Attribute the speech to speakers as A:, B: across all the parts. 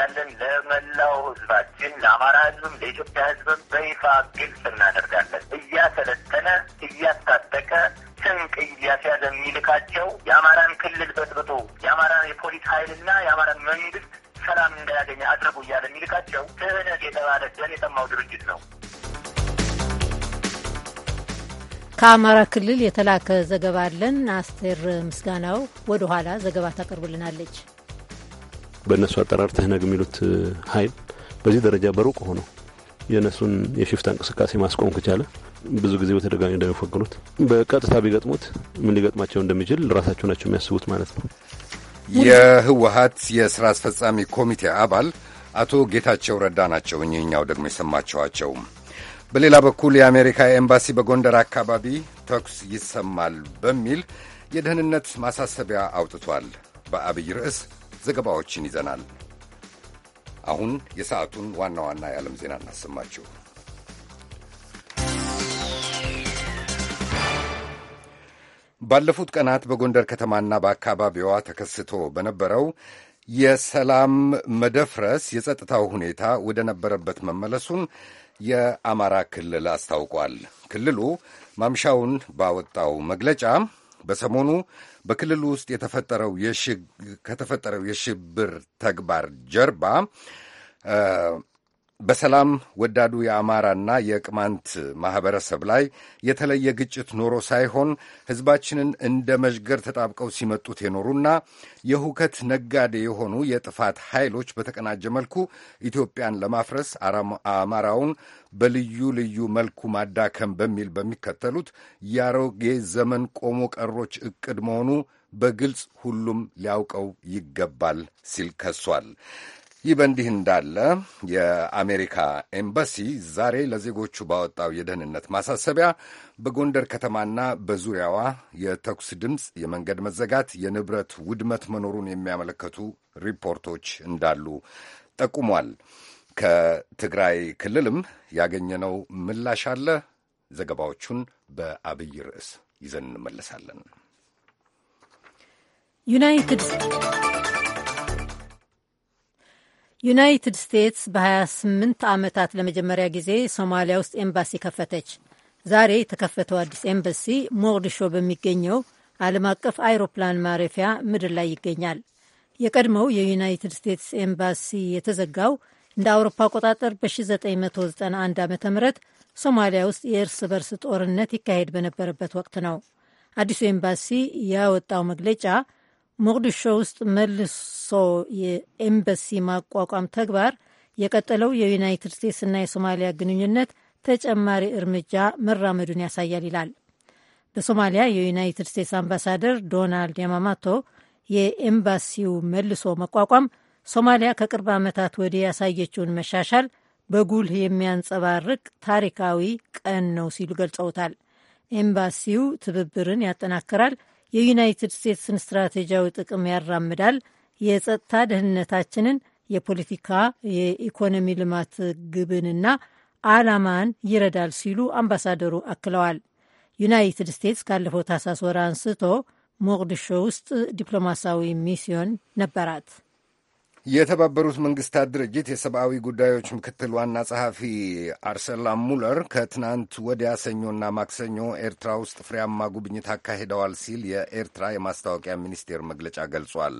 A: እንዘጋጃለን።
B: ለመላው ህዝባችን፣ ለአማራ ህዝብም፣ ለኢትዮጵያ ህዝብም በይፋ ግልጽ እናደርጋለን። እያሰለጠነ እያስታጠቀ ስንቅ እያስያዘ የሚልካቸው የአማራን ክልል በጥብጦ የአማራን የፖሊስ ኃይልና የአማራን መንግስት ሰላም እንዳያገኘ
A: አድርጉ እያለ የሚልካቸው ትህነት የተባለ ደን የሰማው ድርጅት ነው።
C: ከአማራ ክልል የተላከ ዘገባ አለን። አስቴር ምስጋናው ወደ ኋላ ዘገባ ታቀርብልናለች።
D: በእነሱ አጠራር ትህነግ የሚሉት ኃይል በዚህ ደረጃ በሩቅ ሆኖ የእነሱን የሽፍታ እንቅስቃሴ ማስቆም ከቻለ ብዙ ጊዜ በተደጋጋሚ እንደሚፈግኑት በቀጥታ ቢገጥሙት ምን ሊገጥማቸው እንደሚችል ራሳቸው ናቸው የሚያስቡት ማለት ነው።
E: የህወሀት የስራ አስፈጻሚ ኮሚቴ አባል አቶ ጌታቸው ረዳ ናቸው። እኚህኛው ደግሞ የሰማችኋቸው። በሌላ በኩል የአሜሪካ ኤምባሲ በጎንደር አካባቢ ተኩስ ይሰማል በሚል የደህንነት ማሳሰቢያ አውጥቷል። በአብይ ርዕስ ዘገባዎችን ይዘናል። አሁን የሰዓቱን ዋና ዋና የዓለም ዜና እናሰማችሁ። ባለፉት ቀናት በጎንደር ከተማና በአካባቢዋ ተከስቶ በነበረው የሰላም መደፍረስ የጸጥታው ሁኔታ ወደ ነበረበት መመለሱን የአማራ ክልል አስታውቋል። ክልሉ ማምሻውን ባወጣው መግለጫ በሰሞኑ በክልሉ ውስጥ የተፈጠረው ከተፈጠረው የሽብር ተግባር ጀርባ በሰላም ወዳዱ የአማራና የቅማንት ማኅበረሰብ ላይ የተለየ ግጭት ኖሮ ሳይሆን ሕዝባችንን እንደ መዥገር ተጣብቀው ሲመጡት የኖሩና የሁከት ነጋዴ የሆኑ የጥፋት ኃይሎች በተቀናጀ መልኩ ኢትዮጵያን ለማፍረስ አማራውን በልዩ ልዩ መልኩ ማዳከም በሚል በሚከተሉት የአሮጌ ዘመን ቆሞ ቀሮች እቅድ መሆኑ በግልጽ ሁሉም ሊያውቀው ይገባል ሲል ከሷል። ይህ በእንዲህ እንዳለ የአሜሪካ ኤምባሲ ዛሬ ለዜጎቹ ባወጣው የደህንነት ማሳሰቢያ በጎንደር ከተማና በዙሪያዋ የተኩስ ድምፅ፣ የመንገድ መዘጋት፣ የንብረት ውድመት መኖሩን የሚያመለከቱ ሪፖርቶች እንዳሉ ጠቁሟል። ከትግራይ ክልልም ያገኘነው ምላሽ አለ። ዘገባዎቹን በአብይ ርዕስ ይዘን እንመለሳለን።
C: ዩናይትድ ዩናይትድ ስቴትስ በ28 ዓመታት ለመጀመሪያ ጊዜ ሶማሊያ ውስጥ ኤምባሲ ከፈተች። ዛሬ የተከፈተው አዲስ ኤምባሲ ሞቅዲሾ በሚገኘው ዓለም አቀፍ አይሮፕላን ማረፊያ ምድር ላይ ይገኛል። የቀድሞው የዩናይትድ ስቴትስ ኤምባሲ የተዘጋው እንደ አውሮፓ አቆጣጠር በ1991 ም ሶማሊያ ውስጥ የእርስ በርስ ጦርነት ይካሄድ በነበረበት ወቅት ነው። አዲሱ ኤምባሲ ያወጣው መግለጫ ሞቅዲሾ ውስጥ መልሶ የኤምበሲ ማቋቋም ተግባር የቀጠለው የዩናይትድ ስቴትስና የሶማሊያ ግንኙነት ተጨማሪ እርምጃ መራመዱን ያሳያል ይላል። በሶማሊያ የዩናይትድ ስቴትስ አምባሳደር ዶናልድ ያማማቶ የኤምባሲው መልሶ መቋቋም ሶማሊያ ከቅርብ ዓመታት ወዲህ ያሳየችውን መሻሻል በጉልህ የሚያንጸባርቅ ታሪካዊ ቀን ነው ሲሉ ገልጸውታል። ኤምባሲው ትብብርን ያጠናክራል፣ የዩናይትድ ስቴትስን ስትራቴጂያዊ ጥቅም ያራምዳል፣ የጸጥታ ደህንነታችንን፣ የፖለቲካ የኢኮኖሚ ልማት ግብንና አላማን ይረዳል ሲሉ አምባሳደሩ አክለዋል። ዩናይትድ ስቴትስ ካለፈው ታህሳስ ወር አንስቶ ሞቅዲሾ ውስጥ ዲፕሎማሲያዊ ሚስዮን ነበራት።
E: የተባበሩት መንግስታት ድርጅት የሰብአዊ ጉዳዮች ምክትል ዋና ጸሐፊ አርሰላ ሙለር ከትናንት ወዲያ ሰኞና ማክሰኞ ኤርትራ ውስጥ ፍሬያማ ጉብኝት አካሂደዋል ሲል የኤርትራ የማስታወቂያ ሚኒስቴር መግለጫ ገልጿል።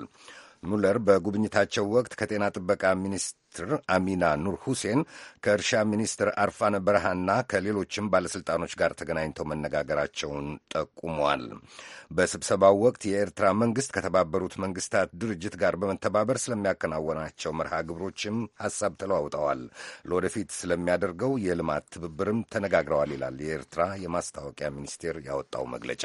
E: ሙለር በጉብኝታቸው ወቅት ከጤና ጥበቃ ሚኒስትር አሚና ኑር ሁሴን ከእርሻ ሚኒስትር አርፋነ በረሃና ከሌሎችም ባለሥልጣኖች ጋር ተገናኝተው መነጋገራቸውን ጠቁመዋል። በስብሰባው ወቅት የኤርትራ መንግሥት ከተባበሩት መንግሥታት ድርጅት ጋር በመተባበር ስለሚያከናወናቸው መርሃ ግብሮችም ሐሳብ ተለዋውጠዋል። ለወደፊት ስለሚያደርገው የልማት ትብብርም ተነጋግረዋል ይላል የኤርትራ የማስታወቂያ ሚኒስቴር ያወጣው መግለጫ።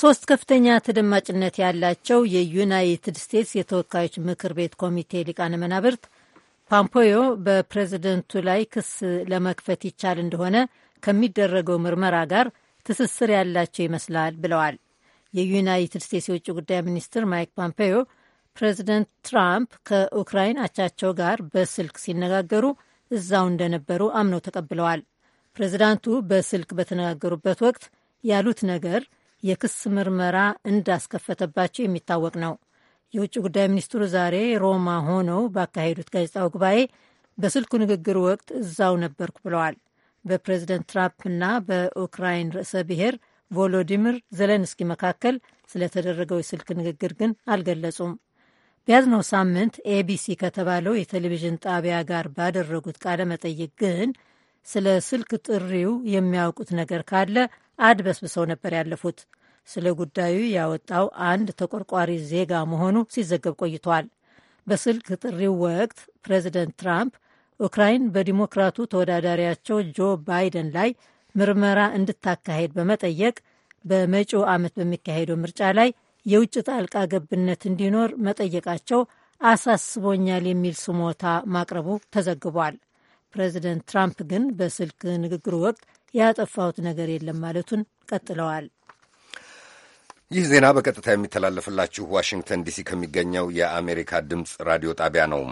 C: ሶስት ከፍተኛ ተደማጭነት ያላቸው የዩናይትድ ስቴትስ የተወካዮች ምክር ቤት ኮሚቴ ሊቃነ መናብርት ፓምፖዮ በፕሬዝደንቱ ላይ ክስ ለመክፈት ይቻል እንደሆነ ከሚደረገው ምርመራ ጋር ትስስር ያላቸው ይመስላል ብለዋል። የዩናይትድ ስቴትስ የውጭ ጉዳይ ሚኒስትር ማይክ ፓምፔዮ ፕሬዚደንት ትራምፕ ከኡክራይን አቻቸው ጋር በስልክ ሲነጋገሩ እዛው እንደነበሩ አምነው ተቀብለዋል። ፕሬዚዳንቱ በስልክ በተነጋገሩበት ወቅት ያሉት ነገር የክስ ምርመራ እንዳስከፈተባቸው የሚታወቅ ነው። የውጭ ጉዳይ ሚኒስትሩ ዛሬ ሮማ ሆነው ባካሄዱት ጋዜጣዊ ጉባኤ በስልኩ ንግግር ወቅት እዛው ነበርኩ ብለዋል። በፕሬዝደንት እና በኡክራይን ርዕሰ ብሔር ቮሎዲሚር ዘለንስኪ መካከል ስለተደረገው የስልክ ንግግር ግን አልገለጹም። በያዝነው ሳምንት ኤቢሲ ከተባለው የቴሌቪዥን ጣቢያ ጋር ባደረጉት ቃለ መጠይቅ ግን ስለ ስልክ ጥሪው የሚያውቁት ነገር ካለ አድበስብሰው ነበር ያለፉት። ስለ ጉዳዩ ያወጣው አንድ ተቆርቋሪ ዜጋ መሆኑ ሲዘገብ ቆይቷል። በስልክ ጥሪው ወቅት ፕሬዚደንት ትራምፕ ኡክራይን በዲሞክራቱ ተወዳዳሪያቸው ጆ ባይደን ላይ ምርመራ እንድታካሄድ በመጠየቅ በመጪው ዓመት በሚካሄደው ምርጫ ላይ የውጭ ጣልቃ ገብነት እንዲኖር መጠየቃቸው አሳስቦኛል የሚል ስሞታ ማቅረቡ ተዘግቧል። ፕሬዚደንት ትራምፕ ግን በስልክ ንግግሩ ወቅት ያጠፋሁት ነገር የለም ማለቱን ቀጥለዋል።
E: ይህ ዜና በቀጥታ የሚተላለፍላችሁ ዋሽንግተን ዲሲ ከሚገኘው የአሜሪካ ድምፅ ራዲዮ ጣቢያ ነው።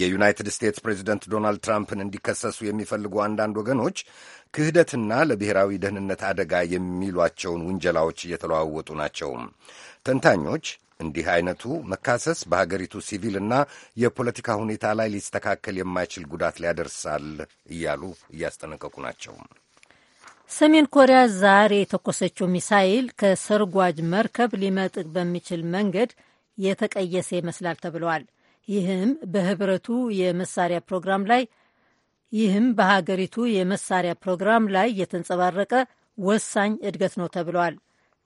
E: የዩናይትድ ስቴትስ ፕሬዚደንት ዶናልድ ትራምፕን እንዲከሰሱ የሚፈልጉ አንዳንድ ወገኖች ክህደትና ለብሔራዊ ደህንነት አደጋ የሚሏቸውን ውንጀላዎች እየተለዋወጡ ናቸው። ተንታኞች እንዲህ አይነቱ መካሰስ በሀገሪቱ ሲቪልና የፖለቲካ ሁኔታ ላይ ሊስተካከል የማይችል ጉዳት ሊያደርሳል እያሉ እያስጠነቀቁ ናቸው።
C: ሰሜን ኮሪያ ዛሬ የተኮሰችው ሚሳይል ከሰርጓጅ መርከብ ሊመጥቅ በሚችል መንገድ የተቀየሰ ይመስላል ተብለዋል። ይህም በህብረቱ የመሳሪያ ፕሮግራም ላይ ይህም በሀገሪቱ የመሳሪያ ፕሮግራም ላይ የተንጸባረቀ ወሳኝ እድገት ነው ተብለዋል።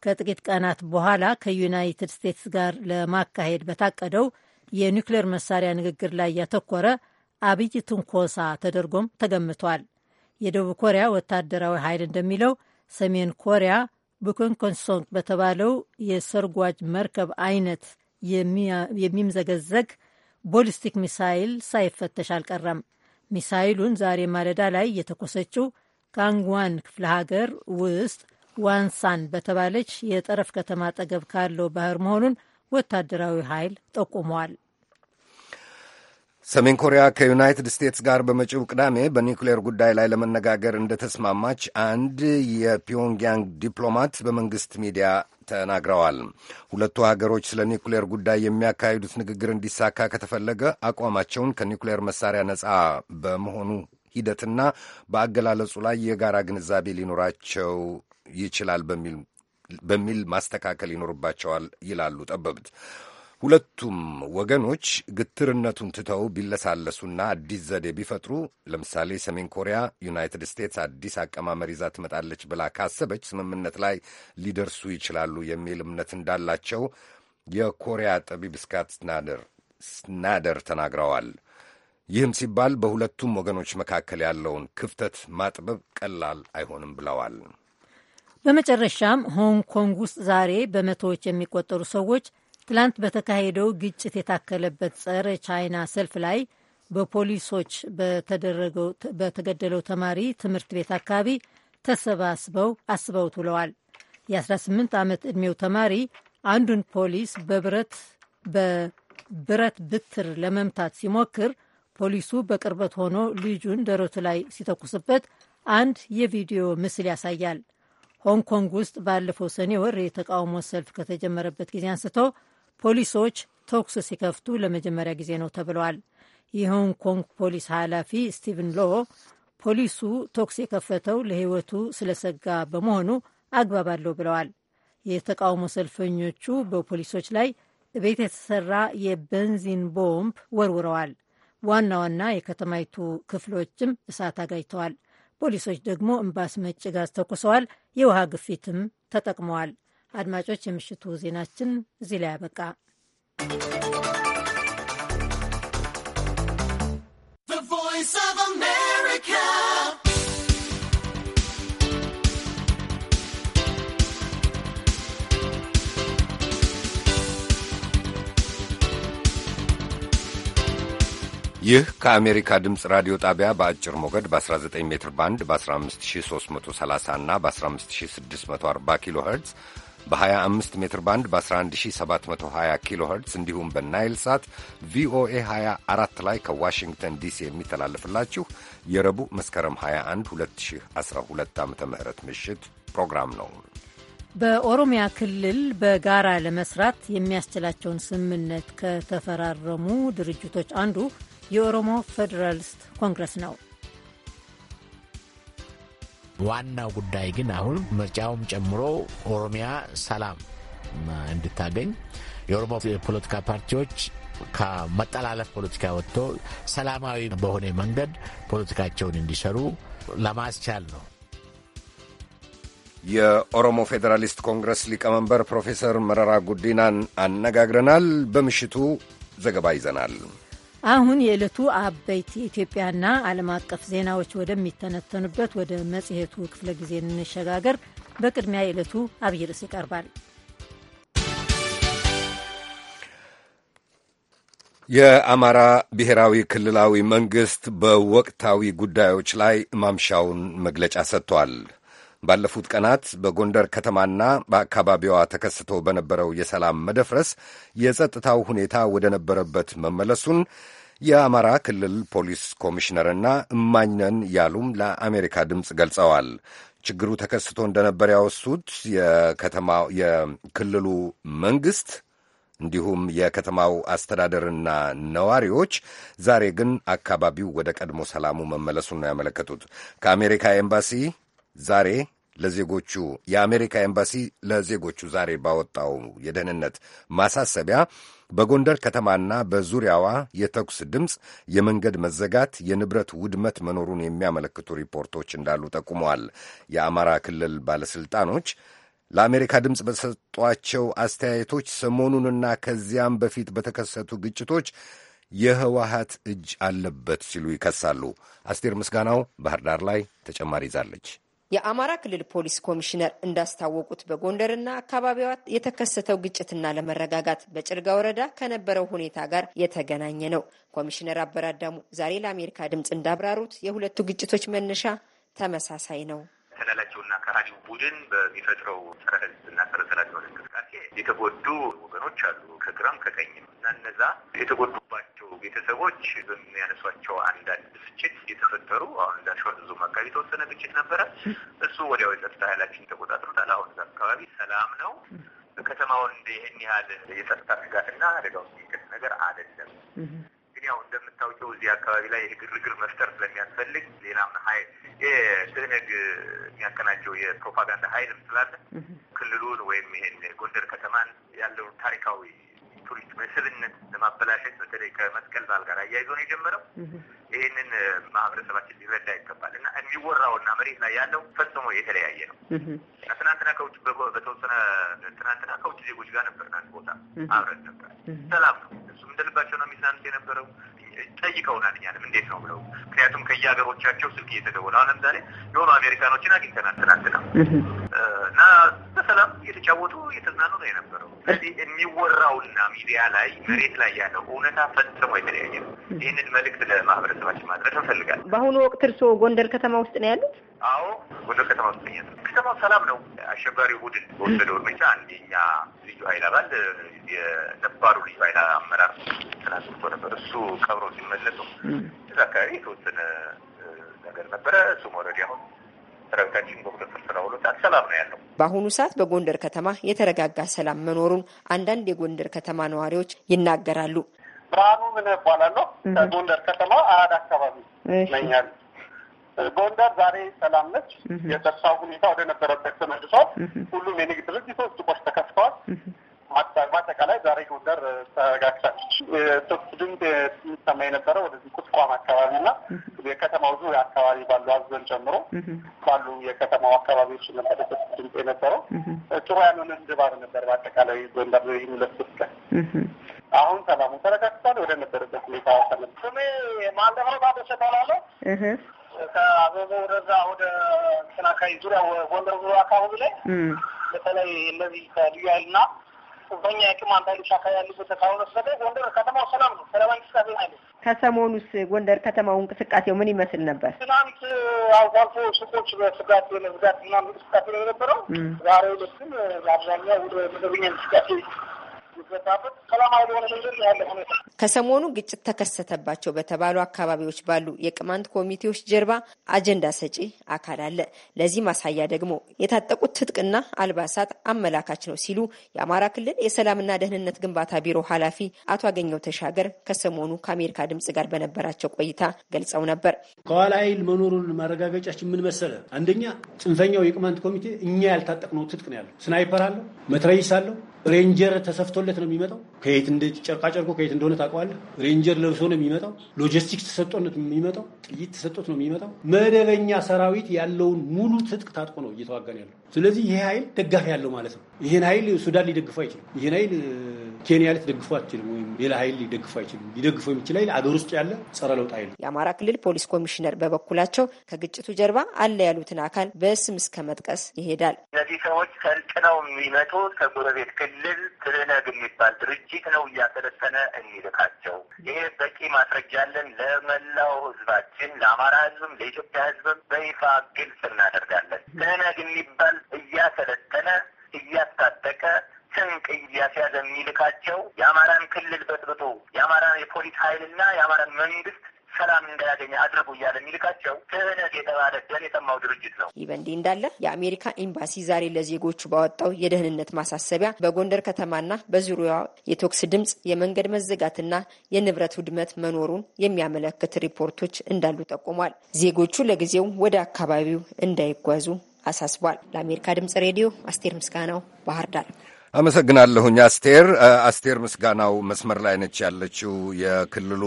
C: ከጥቂት ቀናት በኋላ ከዩናይትድ ስቴትስ ጋር ለማካሄድ በታቀደው የኒውክሌር መሳሪያ ንግግር ላይ ያተኮረ አብይ ትንኮሳ ተደርጎም ተገምቷል። የደቡብ ኮሪያ ወታደራዊ ኃይል እንደሚለው ሰሜን ኮሪያ ቡኮንኮንሶንግ በተባለው የሰርጓጅ መርከብ አይነት የሚምዘገዘግ ቦሊስቲክ ሚሳይል ሳይፈተሽ አልቀረም። ሚሳይሉን ዛሬ ማለዳ ላይ የተኮሰችው ካንግዋን ክፍለ ሀገር ውስጥ ዋንሳን በተባለች የጠረፍ ከተማ አጠገብ ካለው ባህር መሆኑን ወታደራዊ ኃይል ጠቁመዋል።
E: ሰሜን ኮሪያ ከዩናይትድ ስቴትስ ጋር በመጪው ቅዳሜ በኒውክሌር ጉዳይ ላይ ለመነጋገር እንደተስማማች አንድ የፒዮንግያንግ ዲፕሎማት በመንግሥት ሚዲያ ተናግረዋል። ሁለቱ ሀገሮች ስለ ኒውክሌር ጉዳይ የሚያካሂዱት ንግግር እንዲሳካ ከተፈለገ አቋማቸውን ከኒውክሌር መሳሪያ ነጻ በመሆኑ ሂደትና በአገላለጹ ላይ የጋራ ግንዛቤ ሊኖራቸው ይችላል በሚል በሚል ማስተካከል ይኖርባቸዋል ይላሉ ጠበብት። ሁለቱም ወገኖች ግትርነቱን ትተው ቢለሳለሱና አዲስ ዘዴ ቢፈጥሩ፣ ለምሳሌ ሰሜን ኮሪያ ዩናይትድ ስቴትስ አዲስ አቀማመር ይዛ ትመጣለች ብላ ካሰበች ስምምነት ላይ ሊደርሱ ይችላሉ የሚል እምነት እንዳላቸው የኮሪያ ጠቢብ ስካት ስናደር ስናደር ተናግረዋል። ይህም ሲባል በሁለቱም ወገኖች መካከል ያለውን ክፍተት ማጥበብ ቀላል አይሆንም ብለዋል።
C: በመጨረሻም ሆንግ ኮንግ ውስጥ ዛሬ በመቶዎች የሚቆጠሩ ሰዎች ትላንት በተካሄደው ግጭት የታከለበት ጸረ ቻይና ሰልፍ ላይ በፖሊሶች በተገደለው ተማሪ ትምህርት ቤት አካባቢ ተሰባስበው አስበውት ውለዋል። የ18 ዓመት ዕድሜው ተማሪ አንዱን ፖሊስ በብረት በብረት ብትር ለመምታት ሲሞክር ፖሊሱ በቅርበት ሆኖ ልጁን ደረቱ ላይ ሲተኩስበት አንድ የቪዲዮ ምስል ያሳያል። ሆንግ ኮንግ ውስጥ ባለፈው ሰኔ ወር የተቃውሞ ሰልፍ ከተጀመረበት ጊዜ አንስተው ፖሊሶች ተኩስ ሲከፍቱ ለመጀመሪያ ጊዜ ነው ተብለዋል። የሆንግ ኮንግ ፖሊስ ኃላፊ ስቲቭን ሎ ፖሊሱ ተኩስ የከፈተው ለሕይወቱ ስለሰጋ በመሆኑ አግባብ አለው ብለዋል። የተቃውሞ ሰልፈኞቹ በፖሊሶች ላይ ቤት የተሰራ የቤንዚን ቦምብ ወርውረዋል። ዋና ዋና የከተማይቱ ክፍሎችም እሳት አጋጅተዋል። ፖሊሶች ደግሞ እምባስ መጭ ጋዝ ተኩሰዋል። የውሃ ግፊትም ተጠቅመዋል። አድማጮች፣ የምሽቱ ዜናችን እዚህ ላይ ያበቃ።
E: ይህ ከአሜሪካ ድምፅ ራዲዮ ጣቢያ በአጭር ሞገድ በ19 ሜትር ባንድ በ15330 እና በ15640 ኪሎ ኸርትዝ በ25 ሜትር ባንድ በ11720 ኪሎ ኸርትዝ እንዲሁም በናይል ሳት ቪኦኤ 24 ላይ ከዋሽንግተን ዲሲ የሚተላለፍላችሁ የረቡዕ መስከረም 21 2012 ዓ ም ምሽት ፕሮግራም ነው።
C: በኦሮሚያ ክልል በጋራ ለመስራት የሚያስችላቸውን ስምምነት ከተፈራረሙ ድርጅቶች አንዱ የኦሮሞ ፌዴራሊስት ኮንግረስ ነው።
F: ዋናው ጉዳይ ግን አሁን ምርጫውም ጨምሮ ኦሮሚያ ሰላም እንድታገኝ የኦሮሞ የፖለቲካ ፓርቲዎች ከመጠላለፍ ፖለቲካ ወጥቶ ሰላማዊ በሆነ መንገድ ፖለቲካቸውን እንዲሰሩ ለማስቻል ነው።
E: የኦሮሞ ፌዴራሊስት ኮንግረስ ሊቀመንበር ፕሮፌሰር መረራ ጉዲናን አነጋግረናል። በምሽቱ ዘገባ ይዘናል።
C: አሁን የዕለቱ አበይት የኢትዮጵያና ዓለም አቀፍ ዜናዎች ወደሚተነተኑበት ወደ መጽሔቱ ክፍለ ጊዜ እንሸጋገር። በቅድሚያ የዕለቱ አብይ ርዕስ ይቀርባል።
E: የአማራ ብሔራዊ ክልላዊ መንግሥት በወቅታዊ ጉዳዮች ላይ ማምሻውን መግለጫ ሰጥቷል። ባለፉት ቀናት በጎንደር ከተማና በአካባቢዋ ተከስቶ በነበረው የሰላም መደፍረስ የጸጥታው ሁኔታ ወደ ነበረበት መመለሱን የአማራ ክልል ፖሊስ ኮሚሽነርና እማኝነን ያሉም ለአሜሪካ ድምፅ ገልጸዋል። ችግሩ ተከስቶ እንደነበር ያወሱት የከተማ የክልሉ መንግስት እንዲሁም የከተማው አስተዳደርና ነዋሪዎች ዛሬ ግን አካባቢው ወደ ቀድሞ ሰላሙ መመለሱን ነው ያመለከቱት። ከአሜሪካ ኤምባሲ ዛሬ ለዜጎቹ የአሜሪካ ኤምባሲ ለዜጎቹ ዛሬ ባወጣው የደህንነት ማሳሰቢያ በጎንደር ከተማና በዙሪያዋ የተኩስ ድምፅ፣ የመንገድ መዘጋት፣ የንብረት ውድመት መኖሩን የሚያመለክቱ ሪፖርቶች እንዳሉ ጠቁመዋል። የአማራ ክልል ባለሥልጣኖች ለአሜሪካ ድምፅ በሰጧቸው አስተያየቶች ሰሞኑንና ከዚያም በፊት በተከሰቱ ግጭቶች የህወሀት እጅ አለበት ሲሉ ይከሳሉ። አስቴር ምስጋናው ባህር ዳር ላይ ተጨማሪ ይዛለች።
G: የአማራ ክልል ፖሊስ ኮሚሽነር እንዳስታወቁት በጎንደርና አካባቢዋ የተከሰተው ግጭትና ለመረጋጋት በጭልጋ ወረዳ ከነበረው ሁኔታ ጋር የተገናኘ ነው። ኮሚሽነር አበራዳሙ ዛሬ ለአሜሪካ ድምፅ እንዳብራሩት የሁለቱ ግጭቶች መነሻ ተመሳሳይ ነው
B: እና ከሃዲው ቡድን በሚፈጥረው ጸረ እና ጸረ ሰላም እንቅስቃሴ የተጎዱ ወገኖች አሉ፣ ከግራም ከቀኝም እና እነዛ የተጎዱባቸው ቤተሰቦች በሚያነሷቸው አንዳንድ ብስጭት የተፈጠሩ አሁን እንዳሸዋ ዞን አካባቢ የተወሰነ ግጭት ነበረ። እሱ ወዲያው የጸጥታ ኃይላችን ተቆጣጥሮታል። አሁን እዛ አካባቢ ሰላም ነው። ከተማውን ይህን ያህል የጸጥታ ስጋትና አደጋ ውስጥ የሚከት ነገር አይደለም። ግን ያው እንደምታውቀው እዚህ አካባቢ ላይ ግርግር መፍጠር ስለሚያስፈልግ ሌላም ሀይል የትህነግ የሚያቀናጀው የፕሮፓጋንዳ ሀይልም ስላለ ክልሉን ወይም ይሄን ጎንደር ከተማን ያለውን ታሪካዊ ቱሪስት መስህብነት ለማበላሸት በተለይ ከመስቀል በዓል ጋር አያይዞ ነው የጀመረው። ይህንን ማህበረሰባችን ሊረዳ ይገባል እና የሚወራውና መሬት ላይ ያለው ፈጽሞ የተለያየ ነው። ትናንትና ከውጭ በተወሰነ ትናንትና ከውጭ ዜጎች ጋር ነበርን አንድ ቦታ አብረን ነበር። ሰላም ነው እሱም እንደልባቸው ነው የሚዝናኑት የነበረው። ጠይቀውናል። እኛንም እንዴት ነው ብለው ምክንያቱም ከየሀገሮቻቸው ስልክ እየተደወለ አሁን ለምሳሌ የሆኑ አሜሪካኖችን አግኝተናል ትናንትና እና በሰላም እየተጫወቱ እየተዝናኑ ነው የነበረው። ስለዚህ የሚወራውና ሚዲያ ላይ መሬት ላይ ያለው እውነታ ፈጽሞ የተለያየ ነው። ይህንን መልእክት ለማህበረሰባችን ማድረስ እንፈልጋለን።
G: በአሁኑ ወቅት እርስዎ ጎንደር ከተማ ውስጥ ነው ያሉት?
B: አዎ ጎንደር ከተማ ውስጥ ነው ያሉት። ከተማው ሰላም ነው። አሸባሪ ቡድን በወሰደው እርምጃ አንደኛ ልዩ ኃይል አባል የነባሩ ልዩ ኃይል አመራር ትናንት ነበር እሱ ቀብ አብረው ሲመለሱ እዛ አካባቢ የተወሰነ ነገር ነበረ። እሱም ወረዲ አሁን ሰራዊታችን በሁለት ስራ ውሎታል። ሰላም ነው ያለው።
G: በአሁኑ ሰዓት በጎንደር ከተማ የተረጋጋ ሰላም መኖሩን አንዳንድ የጎንደር ከተማ ነዋሪዎች ይናገራሉ።
B: ብርሃኑ ምን እባላለሁ ከጎንደር ከተማ አህድ አካባቢ ይመኛል። ጎንደር ዛሬ ሰላም ነች። የጸጥታው ሁኔታ ወደ ነበረበት ተመልሷል። ሁሉም የንግድ ድርጅቶች ሱቆች ተከፍተዋል። በአጠቃላይ ዛሬ ጎንደር ተረጋግታለች። ድንግ የሚሰማ የነበረው ወደዚህ ቁጥቋም አካባቢ እና የከተማው ዙሪያ አካባቢ ባሉ አዘን ጀምሮ ባሉ የከተማው አካባቢዎች ነበር ነበረ ድምጽ የነበረው ጥሩ ያልሆነ ድባብ ነበር። በአጠቃላይ ጎንደር ይህ ሁለት ስጥ አሁን ሰላሙ ተረጋግቷል። ወደ ነበረበት ሁኔታ ሰለ ስሜ ማንደፍረ ታደሰ እባላለሁ። ከአበበ ወረዳ ወደ እንትን ዙሪያ ጎንደር ዙሪያ አካባቢ ላይ በተለይ እነዚህ ከልዩ ኃይልና በእኛ አቅም አንዳንዶች አካባቢ ያሉ ካልሆነ ስለ ጎንደር ከተማው ሰላም ነው። ሰላማዊ እንቅስቃሴ ነው አለ።
G: ከሰሞኑስ ጎንደር ከተማው እንቅስቃሴው ምን ይመስል ነበር?
B: ትናንት አልፎ ሱቆች በስጋት መዝጋት እና እንቅስቃሴ ነው የነበረው። ዛሬ ዕለት በአብዛኛው ወደ መደበኛ እንቅስቃሴ
G: ከሰሞኑ ግጭት ተከሰተባቸው በተባሉ አካባቢዎች ባሉ የቅማንት ኮሚቴዎች ጀርባ አጀንዳ ሰጪ አካል አለ። ለዚህ ማሳያ ደግሞ የታጠቁት ትጥቅና አልባሳት አመላካች ነው ሲሉ የአማራ ክልል የሰላምና ደህንነት ግንባታ ቢሮ ኃላፊ አቶ አገኘው ተሻገር ከሰሞኑ ከአሜሪካ ድምጽ ጋር በነበራቸው
H: ቆይታ ገልጸው ነበር። ከኋላ ኃይል መኖሩን ማረጋገጫችን ምን መሰለ? አንደኛ ጽንፈኛው የቅማንት ኮሚቴ እኛ ያልታጠቅነው ትጥቅ ነው ያለው። ስናይፐር አለው፣ መትረይስ አለው፣ ሬንጀር ተሰፍቶለት ነው የሚመጣው። ከየት እንደ ጨርቃጨርቆ ከየት እንደሆነ ታውቀዋለህ። ሬንጀር ለብሶ ነው የሚመጣው። ሎጂስቲክስ ተሰጦነት ነው የሚመጣው። ጥይት ተሰጦት ነው የሚመጣው። መደበኛ ሰራዊት ያለውን ሙሉ ትጥቅ ታጥቆ ነው እየተዋጋን ያለው። ስለዚህ ይሄ ኃይል ደጋፊ ያለው ማለት ነው። ይሄን ኃይል ሱዳን ሊደግፉ አይችልም። ይሄን ኃይል ኬንያ ልትደግፈው አትችልም፣ ወይም ሌላ ኃይል ሊደግፈው አይችልም። ሊደግፈው የሚችል ኃይል አገር ውስጥ ያለ ጸረ ለውጥ ኃይል።
G: የአማራ ክልል ፖሊስ ኮሚሽነር በበኩላቸው ከግጭቱ ጀርባ አለ ያሉትን አካል በስም እስከ መጥቀስ ይሄዳል።
A: እነዚህ ሰዎች ነው የሚመጡት ከጎረቤት ክልል ትህነግ የሚባል
B: ድርጅት ነው እያሰለጠነ የሚልካቸው። ይሄ በቂ ማስረጃ አለን። ለመላው ህዝባችን፣ ለአማራ ህዝብም ለኢትዮጵያ ህዝብም በይፋ ግልጽ እናደርጋለን። ትህነግ የሚባል እያሰለጠነ እያስታጠቀ ስንቅ እያስያዘ የሚልካቸው የአማራን ክልል በጥብጦ የአማራን የፖሊስ ኃይልና የአማራን መንግስት
G: ሰላም እንዳያገኝ አድርጉ እያለ የሚልካቸው ትህነት የተባለ ደን የሰማው ድርጅት ነው። ይህ በእንዲህ እንዳለ የአሜሪካ ኤምባሲ ዛሬ ለዜጎቹ ባወጣው የደህንነት ማሳሰቢያ በጎንደር ከተማና በዙሪያዋ የቶክስ ድምፅ፣ የመንገድ መዘጋትና የንብረት ውድመት መኖሩን የሚያመለክት ሪፖርቶች እንዳሉ ጠቁሟል። ዜጎቹ ለጊዜው ወደ አካባቢው እንዳይጓዙ አሳስቧል። ለአሜሪካ ድምጽ ሬዲዮ አስቴር ምስጋናው ባህር ዳር።
E: አመሰግናለሁኝ አስቴር። አስቴር ምስጋናው መስመር ላይ ነች ያለችው። የክልሉ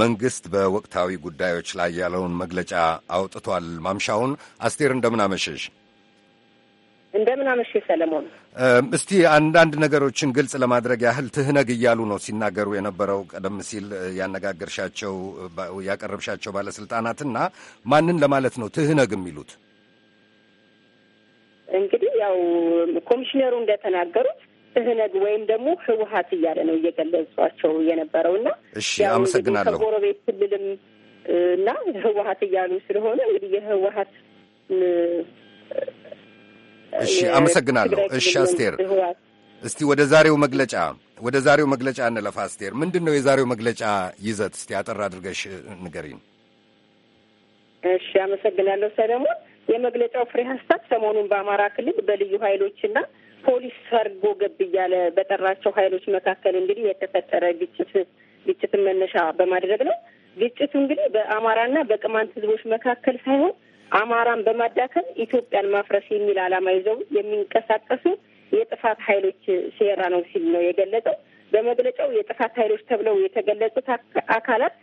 E: መንግስት በወቅታዊ ጉዳዮች ላይ ያለውን መግለጫ አውጥቷል ማምሻውን። አስቴር እንደምን አመሸሽ?
I: እንደምን አመሸ ሰለሞን።
E: እስቲ አንዳንድ ነገሮችን ግልጽ ለማድረግ ያህል ትህነግ እያሉ ነው ሲናገሩ የነበረው ቀደም ሲል ያነጋገርሻቸው ያቀረብሻቸው ባለስልጣናትና ማንን ለማለት ነው ትህነግ የሚሉት?
I: እንግዲህ ያው ኮሚሽነሩ እንደተናገሩት እህነግ ወይም ደግሞ ህወሀት እያለ ነው እየገለጿቸው የነበረው እና እሺ፣ አመሰግናለሁ። ከጎረቤት ክልልም እና ህወሀት እያሉ ስለሆነ እንግዲህ የህወሀት
E: እሺ፣ አመሰግናለሁ። እሺ፣ አስቴር እስቲ ወደ ዛሬው መግለጫ ወደ ዛሬው መግለጫ እንለፍ። አስቴር ምንድን ነው የዛሬው መግለጫ ይዘት? እስቲ አጠር አድርገሽ ንገሪን።
I: እሺ፣ አመሰግናለሁ ሰለሞን። የመግለጫው ፍሬ ሀሳብ ሰሞኑን በአማራ ክልል በልዩ ኃይሎችና ፖሊስ ሰርጎ ገብ እያለ በጠራቸው ኃይሎች መካከል እንግዲህ የተፈጠረ ግጭት ግጭትን መነሻ በማድረግ ነው። ግጭቱ እንግዲህ በአማራና በቅማንት ህዝቦች መካከል ሳይሆን አማራን በማዳከም ኢትዮጵያን ማፍረስ የሚል ዓላማ ይዘው የሚንቀሳቀሱ የጥፋት ኃይሎች ሴራ ነው ሲል ነው የገለጸው። በመግለጫው የጥፋት ኃይሎች ተብለው የተገለጹት አካላት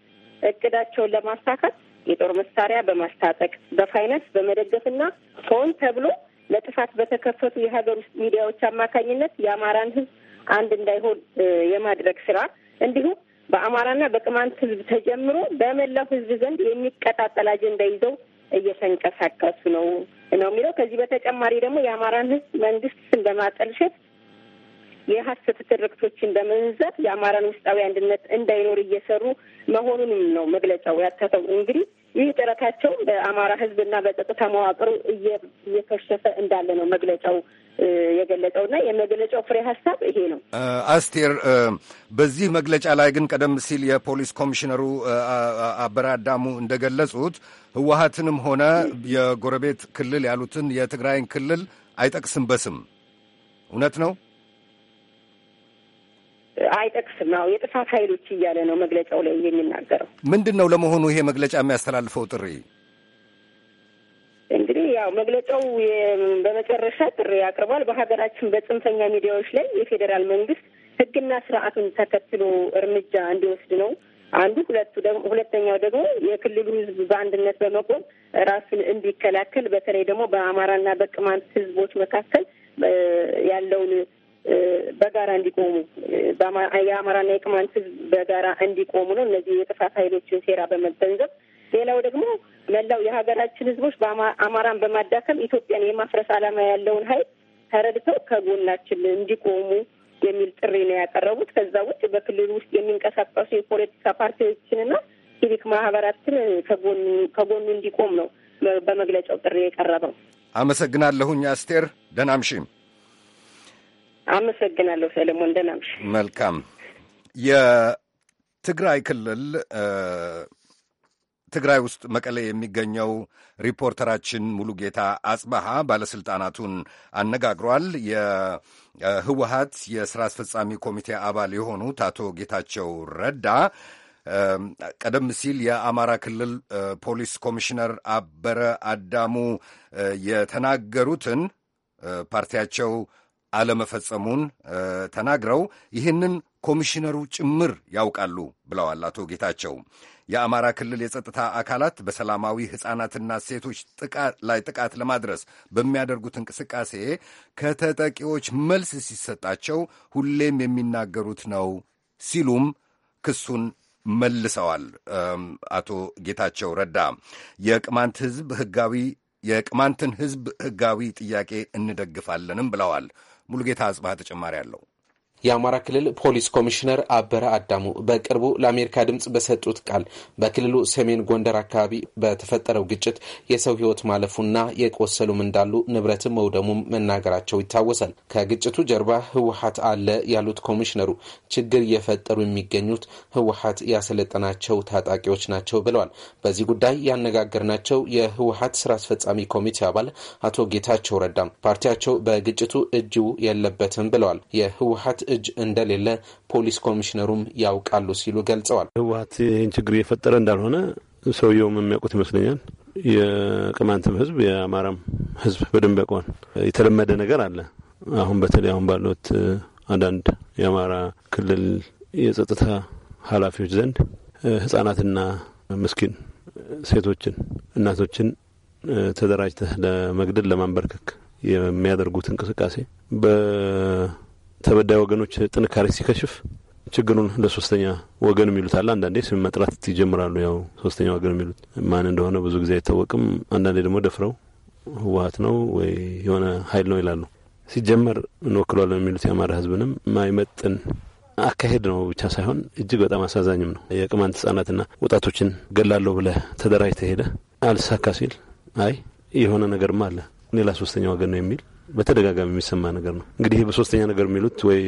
I: እቅዳቸውን ለማሳካት የጦር መሳሪያ በማስታጠቅ በፋይናንስ በመደገፍና ሆን ተብሎ ለጥፋት በተከፈቱ የሀገር ውስጥ ሚዲያዎች አማካኝነት የአማራን ህዝብ አንድ እንዳይሆን የማድረግ ስራ እንዲሁም በአማራና በቅማንት ህዝብ ተጀምሮ በመላው ህዝብ ዘንድ የሚቀጣጠል አጀንዳ ይዘው እየተንቀሳቀሱ ነው ነው የሚለው። ከዚህ በተጨማሪ ደግሞ የአማራን ህዝብ መንግስት ስም በማጠልሸት የሀሰት ትርክቶችን በመንዛት የአማራን ውስጣዊ አንድነት እንዳይኖር እየሰሩ መሆኑንም ነው መግለጫው ያተተው። እንግዲህ ይህ ጥረታቸውም በአማራ ሕዝብና በጸጥታ መዋቅሩ እየከሸፈ እንዳለ ነው መግለጫው የገለጸውና የመግለጫው ፍሬ ሀሳብ ይሄ ነው።
E: አስቴር፣ በዚህ መግለጫ ላይ ግን ቀደም ሲል የፖሊስ ኮሚሽነሩ አበራ አዳሙ እንደገለጹት ህወሀትንም ሆነ የጎረቤት ክልል ያሉትን የትግራይን ክልል አይጠቅስም በስም እውነት ነው?
I: አይጠቅስም። አዎ የጥፋት ኃይሎች እያለ ነው መግለጫው ላይ የሚናገረው።
E: ምንድን ነው ለመሆኑ ይሄ መግለጫ የሚያስተላልፈው ጥሪ?
I: እንግዲህ ያው መግለጫው በመጨረሻ ጥሪ አቅርቧል። በሀገራችን በጽንፈኛ ሚዲያዎች ላይ የፌዴራል መንግስት ህግና ስርዓቱን ተከትሎ እርምጃ እንዲወስድ ነው አንዱ። ሁለቱ ደግሞ ሁለተኛው ደግሞ የክልሉ ህዝብ በአንድነት በመቆም ራሱን እንዲከላከል በተለይ ደግሞ በአማራና በቅማንት ህዝቦች መካከል ያለውን በጋራ እንዲቆሙ የአማራና የቅማንት ህዝብ በጋራ እንዲቆሙ ነው። እነዚህ የጥፋት ኃይሎችን ሴራ በመገንዘብ ሌላው ደግሞ መላው የሀገራችን ህዝቦች አማራን በማዳከም ኢትዮጵያን የማፍረስ ዓላማ ያለውን ኃይል ተረድተው ከጎናችን እንዲቆሙ የሚል ጥሪ ነው ያቀረቡት። ከዛ ውጭ በክልል ውስጥ የሚንቀሳቀሱ የፖለቲካ ፓርቲዎችንና ሲቪክ ማህበራትን ከጎኑ ከጎኑ እንዲቆም ነው በመግለጫው ጥሪ የቀረበው።
E: አመሰግናለሁኝ አስቴር ደናምሺም
I: አመሰግናለሁ ሰለሞን።
E: ደናምሽ። መልካም። የትግራይ ክልል ትግራይ ውስጥ መቀሌ የሚገኘው ሪፖርተራችን ሙሉጌታ አጽባሃ ባለስልጣናቱን አነጋግሯል። የህወሀት የስራ አስፈጻሚ ኮሚቴ አባል የሆኑት አቶ ጌታቸው ረዳ ቀደም ሲል የአማራ ክልል ፖሊስ ኮሚሽነር አበረ አዳሙ የተናገሩትን ፓርቲያቸው አለመፈጸሙን ተናግረው ይህንን ኮሚሽነሩ ጭምር ያውቃሉ ብለዋል አቶ ጌታቸው። የአማራ ክልል የጸጥታ አካላት በሰላማዊ ሕፃናትና ሴቶች ላይ ጥቃት ለማድረስ በሚያደርጉት እንቅስቃሴ ከተጠቂዎች መልስ ሲሰጣቸው ሁሌም የሚናገሩት ነው ሲሉም ክሱን መልሰዋል። አቶ ጌታቸው ረዳ የቅማንት ሕዝብ ህጋዊ የቅማንትን ሕዝብ ሕጋዊ ጥያቄ እንደግፋለንም ብለዋል። ሙሉጌታ አጽባህ ተጨማሪ አለው። የአማራ
J: ክልል ፖሊስ ኮሚሽነር አበረ አዳሙ በቅርቡ ለአሜሪካ ድምፅ በሰጡት ቃል በክልሉ ሰሜን ጎንደር አካባቢ በተፈጠረው ግጭት የሰው ሕይወት ማለፉና የቆሰሉም እንዳሉ ንብረትም መውደሙም መናገራቸው ይታወሳል። ከግጭቱ ጀርባ ህወሀት አለ ያሉት ኮሚሽነሩ ችግር እየፈጠሩ የሚገኙት ህወሀት ያሰለጠናቸው ታጣቂዎች ናቸው ብለዋል። በዚህ ጉዳይ ያነጋገርናቸው የህወሀት ስራ አስፈጻሚ ኮሚቴ አባል አቶ ጌታቸው ረዳም ፓርቲያቸው በግጭቱ እጅው የለበትም ብለዋል። የህወሀት እጅ እንደሌለ ፖሊስ ኮሚሽነሩም ያውቃሉ ሲሉ
D: ገልጸዋል። ህወሀት ይህን ችግር እየፈጠረ እንዳልሆነ ሰውየውም የሚያውቁት ይመስለኛል። የቅማንትም ህዝብ የአማራም ህዝብ በደንብ ያውቀዋል። የተለመደ ነገር አለ። አሁን በተለይ አሁን ባሉት አንዳንድ የአማራ ክልል የጸጥታ ኃላፊዎች ዘንድ ህጻናትና ምስኪን ሴቶችን፣ እናቶችን ተደራጅተህ ለመግደል ለማንበርከክ የሚያደርጉት እንቅስቃሴ ተበዳይ ወገኖች ጥንካሬ ሲከሽፍ ችግሩን ለሶስተኛ ወገን የሚሉት አለ። አንዳንዴ ስም መጥራት ይጀምራሉ። ያው ሶስተኛ ወገን የሚሉት ማን እንደሆነ ብዙ ጊዜ አይታወቅም። አንዳንዴ ደግሞ ደፍረው ህወሀት ነው ወይ የሆነ ሀይል ነው ይላሉ። ሲጀመር እንወክሏለን የሚሉት የአማራ ህዝብንም ማይመጥን አካሄድ ነው ብቻ ሳይሆን እጅግ በጣም አሳዛኝም ነው። የቅማንት ህጻናትና ወጣቶችን ገላለሁ ብለህ ተደራጅተህ ሄደህ አልሳካ ሲል አይ የሆነ ነገርማ አለ ሌላ ሶስተኛ ወገን ነው የሚል በተደጋጋሚ የሚሰማ ነገር ነው። እንግዲህ በሶስተኛ ነገር የሚሉት ወይ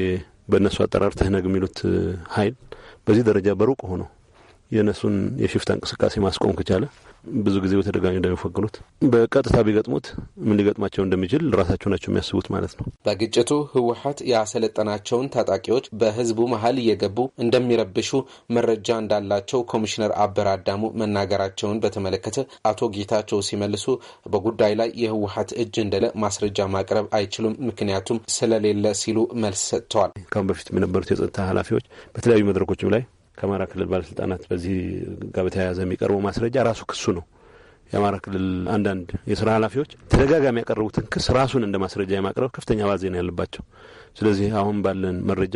D: በእነሱ አጠራር ትህነግ የሚሉት ሀይል በዚህ ደረጃ በሩቅ ሆነው የእነሱን የሽፍታ እንቅስቃሴ ማስቆም ከቻለ ብዙ ጊዜ በተደጋጋሚ እንደሚፈግኑት በቀጥታ ቢገጥሙት ምን ሊገጥማቸው እንደሚችል ራሳቸው ናቸው የሚያስቡት ማለት ነው።
J: በግጭቱ ህወሀት ያሰለጠናቸውን ታጣቂዎች በህዝቡ መሀል እየገቡ እንደሚረብሹ መረጃ እንዳላቸው ኮሚሽነር አበር አዳሙ መናገራቸውን በተመለከተ አቶ ጌታቸው ሲመልሱ በጉዳይ ላይ የህወሀት እጅ እንደለ ማስረጃ ማቅረብ አይችሉም፣ ምክንያቱም ስለሌለ ሲሉ መልስ ሰጥተዋል። ካሁን በፊት
D: የነበሩት የጸጥታ ኃላፊዎች በተለያዩ መድረኮችም ላይ ከአማራ ክልል ባለስልጣናት በዚህ ጋር በተያያዘ የሚቀርበው ማስረጃ ራሱ ክሱ ነው። የአማራ ክልል አንዳንድ የስራ ኃላፊዎች ተደጋጋሚ ያቀረቡትን ክስ ራሱን እንደ ማስረጃ የማቅረብ ከፍተኛ ባዜ ነው ያለባቸው። ስለዚህ አሁን ባለን መረጃ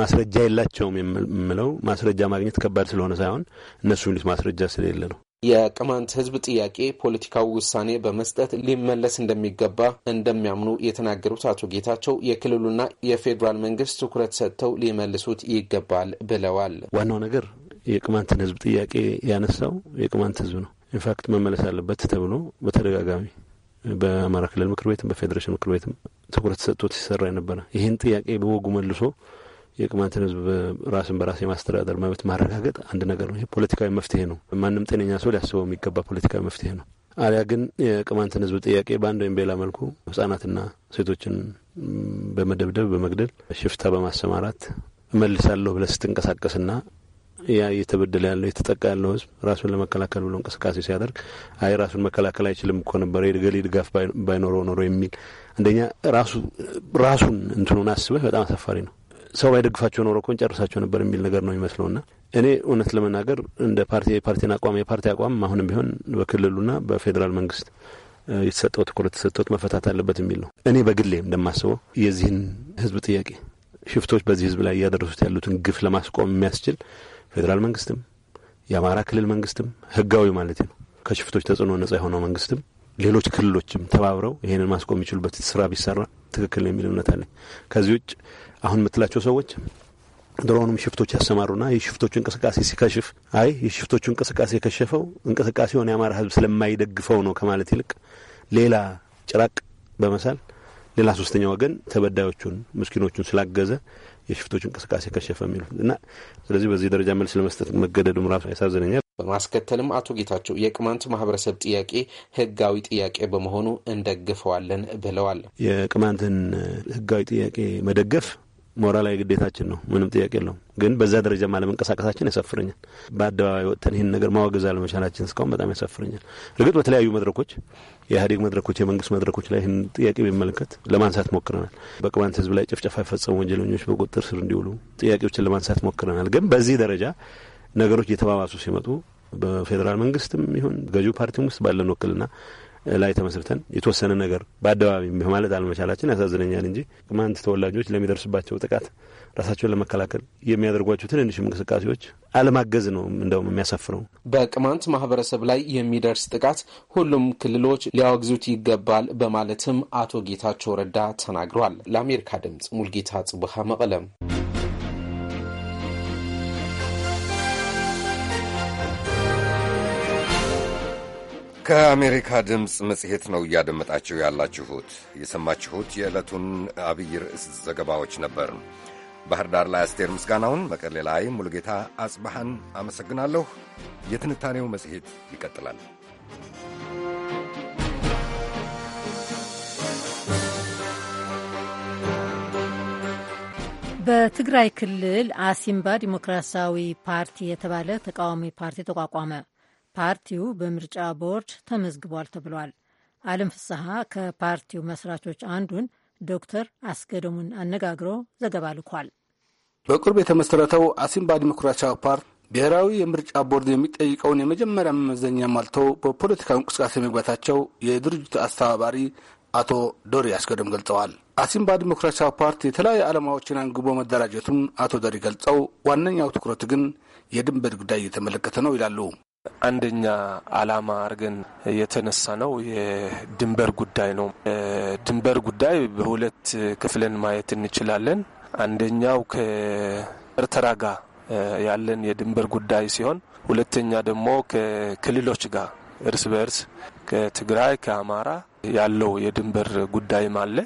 D: ማስረጃ የላቸውም የምለው ማስረጃ ማግኘት ከባድ ስለሆነ ሳይሆን እነሱ የሚሉት ማስረጃ ስለሌለ ነው።
J: የቅማንት ህዝብ ጥያቄ ፖለቲካዊ ውሳኔ በመስጠት ሊመለስ እንደሚገባ እንደሚያምኑ የተናገሩት አቶ ጌታቸው የክልሉና የፌዴራል መንግስት ትኩረት ሰጥተው ሊመልሱት ይገባል ብለዋል።
D: ዋናው ነገር የቅማንትን ህዝብ ጥያቄ ያነሳው የቅማንት ህዝብ ነው። ኢንፋክት መመለስ አለበት ተብሎ በተደጋጋሚ በአማራ ክልል ምክር ቤትም በፌዴሬሽን ምክር ቤትም ትኩረት ሰጥቶት ሲሰራ የነበረ ይህን ጥያቄ በወጉ መልሶ የቅማንትን ህዝብ ራስን በራስ የማስተዳደር መብት ማረጋገጥ አንድ ነገር ነው። ፖለቲካዊ መፍትሄ ነው። ማንም ጤነኛ ሰው ሊያስበው የሚገባ ፖለቲካዊ መፍትሄ ነው። አሊያ ግን የቅማንትን ህዝብ ጥያቄ በአንድ ወይም በሌላ መልኩ ህጻናትና ሴቶችን በመደብደብ በመግደል፣ ሽፍታ በማሰማራት እመልሳለሁ ብለህ ስትንቀሳቀስና ያ እየተበደለ ያለው የተጠቃ ያለው ህዝብ ራሱን ለመከላከል ብሎ እንቅስቃሴ ሲያደርግ አይ ራሱን መከላከል አይችልም እኮ ነበረ የገሌ ድጋፍ ባይኖረው ኖሮ የሚል አንደኛ ራሱ ራሱን እንትኑን አስበህ በጣም አሳፋሪ ነው። ሰው ባይደግፋቸው ኖሮ ኮን ጨርሳቸው ነበር የሚል ነገር ነው ና እኔ እውነት ለመናገር እንደ ፓርቲ የፓርቲን አቋም የፓርቲ አቋም አሁንም ቢሆን በክልሉና በፌዴራል መንግስት የተሰጠው ትኩረት ተሰጥቶት መፈታት አለበት የሚል ነው። እኔ በግሌ እንደማስበው የዚህን ህዝብ ጥያቄ ሽፍቶች በዚህ ህዝብ ላይ እያደረሱት ያሉትን ግፍ ለማስቆም የሚያስችል ፌዴራል መንግስትም የአማራ ክልል መንግስትም ህጋዊ ማለት ነው ከሽፍቶች ተጽዕኖ ነጻ የሆነው መንግስትም ሌሎች ክልሎችም ተባብረው ይሄንን ማስቆም የሚችሉበት ስራ ቢሰራ ትክክል ነው የሚል እምነት አለኝ። ከዚህ ውጭ አሁን የምትላቸው ሰዎች ድሮውንም ሽፍቶች ያሰማሩና የሽፍቶቹ እንቅስቃሴ ሲከሽፍ አይ የሽፍቶቹ እንቅስቃሴ የከሸፈው እንቅስቃሴውን የአማራ ሕዝብ ስለማይደግፈው ነው ከማለት ይልቅ ሌላ ጭራቅ በመሳል ሌላ ሶስተኛ ወገን ተበዳዮቹን ምስኪኖቹን ስላገዘ የሽፍቶች እንቅስቃሴ ከሸፈ የሚሉ እና ስለዚህ በዚህ ደረጃ መልስ ለመስጠት መገደዱ ራሱ ያሳዝነኛል። በማስከተልም
J: አቶ ጌታቸው የቅማንት ማህበረሰብ ጥያቄ ህጋዊ ጥያቄ በመሆኑ እንደግፈዋለን ብለዋል።
D: የቅማንትን ህጋዊ ጥያቄ መደገፍ ሞራላዊ ግዴታችን ነው። ምንም ጥያቄ የለውም። ግን በዛ ደረጃ አለመንቀሳቀሳችን ያሳፍረኛል። በአደባባይ ወጥተን ይህን ነገር ማወገዝ አለመቻላችን እስካሁን በጣም ያሳፍረኛል። እርግጥ በተለያዩ መድረኮች፣ የኢህአዴግ መድረኮች፣ የመንግስት መድረኮች ላይ ይህን ጥያቄ በሚመለከት ለማንሳት ሞክረናል። በቅማንት ህዝብ ላይ ጭፍጨፋ የፈጸሙ ወንጀለኞች በቁጥጥር ስር እንዲውሉ ጥያቄዎችን ለማንሳት ሞክረናል። ግን በዚህ ደረጃ ነገሮች እየተባባሱ ሲመጡ በፌዴራል መንግስትም ይሁን ገዢው ፓርቲም ውስጥ ባለን ወክልና ላይ ተመስርተን የተወሰነ ነገር በአደባባይ ማለት አለመቻላችን ያሳዝነኛል እንጂ ቅማንት ተወላጆች ለሚደርስባቸው ጥቃት ራሳቸውን ለመከላከል የሚያደርጓቸው ትንንሽ እንቅስቃሴዎች አለማገዝ ነው እንደውም የሚያሳፍነው። በቅማንት
J: ማህበረሰብ ላይ የሚደርስ ጥቃት ሁሉም ክልሎች ሊያወግዙት ይገባል በማለትም አቶ ጌታቸው ረዳ ተናግሯል። ለአሜሪካ ድምጽ ሙልጌታ ጽቡሃ መቀለም
E: ከአሜሪካ ድምፅ መጽሔት ነው እያደመጣችሁ ያላችሁት። የሰማችሁት የዕለቱን አብይ ርዕስ ዘገባዎች ነበር። ባህር ዳር ላይ አስቴር ምስጋናውን፣ መቀሌ ላይ ሙሉጌታ አጽባሃን አመሰግናለሁ። የትንታኔው መጽሔት ይቀጥላል።
C: በትግራይ ክልል አሲምባ ዲሞክራሲያዊ ፓርቲ የተባለ ተቃዋሚ ፓርቲ ተቋቋመ። ፓርቲው በምርጫ ቦርድ ተመዝግቧል ተብሏል። አለም ፍስሐ ከፓርቲው መስራቾች አንዱን ዶክተር አስገደሙን አነጋግሮ ዘገባ ልኳል።
H: በቅርብ የተመሰረተው አሲምባ ዲሞክራሲያዊ ፓርቲ ብሔራዊ የምርጫ ቦርድ የሚጠይቀውን የመጀመሪያ መመዘኛ ማልተው በፖለቲካ እንቅስቃሴ መግባታቸው የድርጅቱ አስተባባሪ አቶ ዶሪ አስገደም ገልጸዋል። አሲምባ ዲሞክራሲያዊ ፓርቲ የተለያዩ ዓላማዎችን አንግቦ መደራጀቱን አቶ ዶሪ ገልጸው ዋነኛው ትኩረት ግን የድንበር ጉዳይ እየተመለከተ ነው ይላሉ።
K: አንደኛ ዓላማ አድርገን የተነሳ ነው የድንበር ጉዳይ ነው። ድንበር ጉዳይ በሁለት ክፍለን ማየት እንችላለን። አንደኛው ከኤርትራ ጋር ያለን የድንበር ጉዳይ ሲሆን፣ ሁለተኛ ደግሞ ከክልሎች ጋር እርስ በእርስ ከትግራይ ከአማራ ያለው የድንበር ጉዳይም አለ።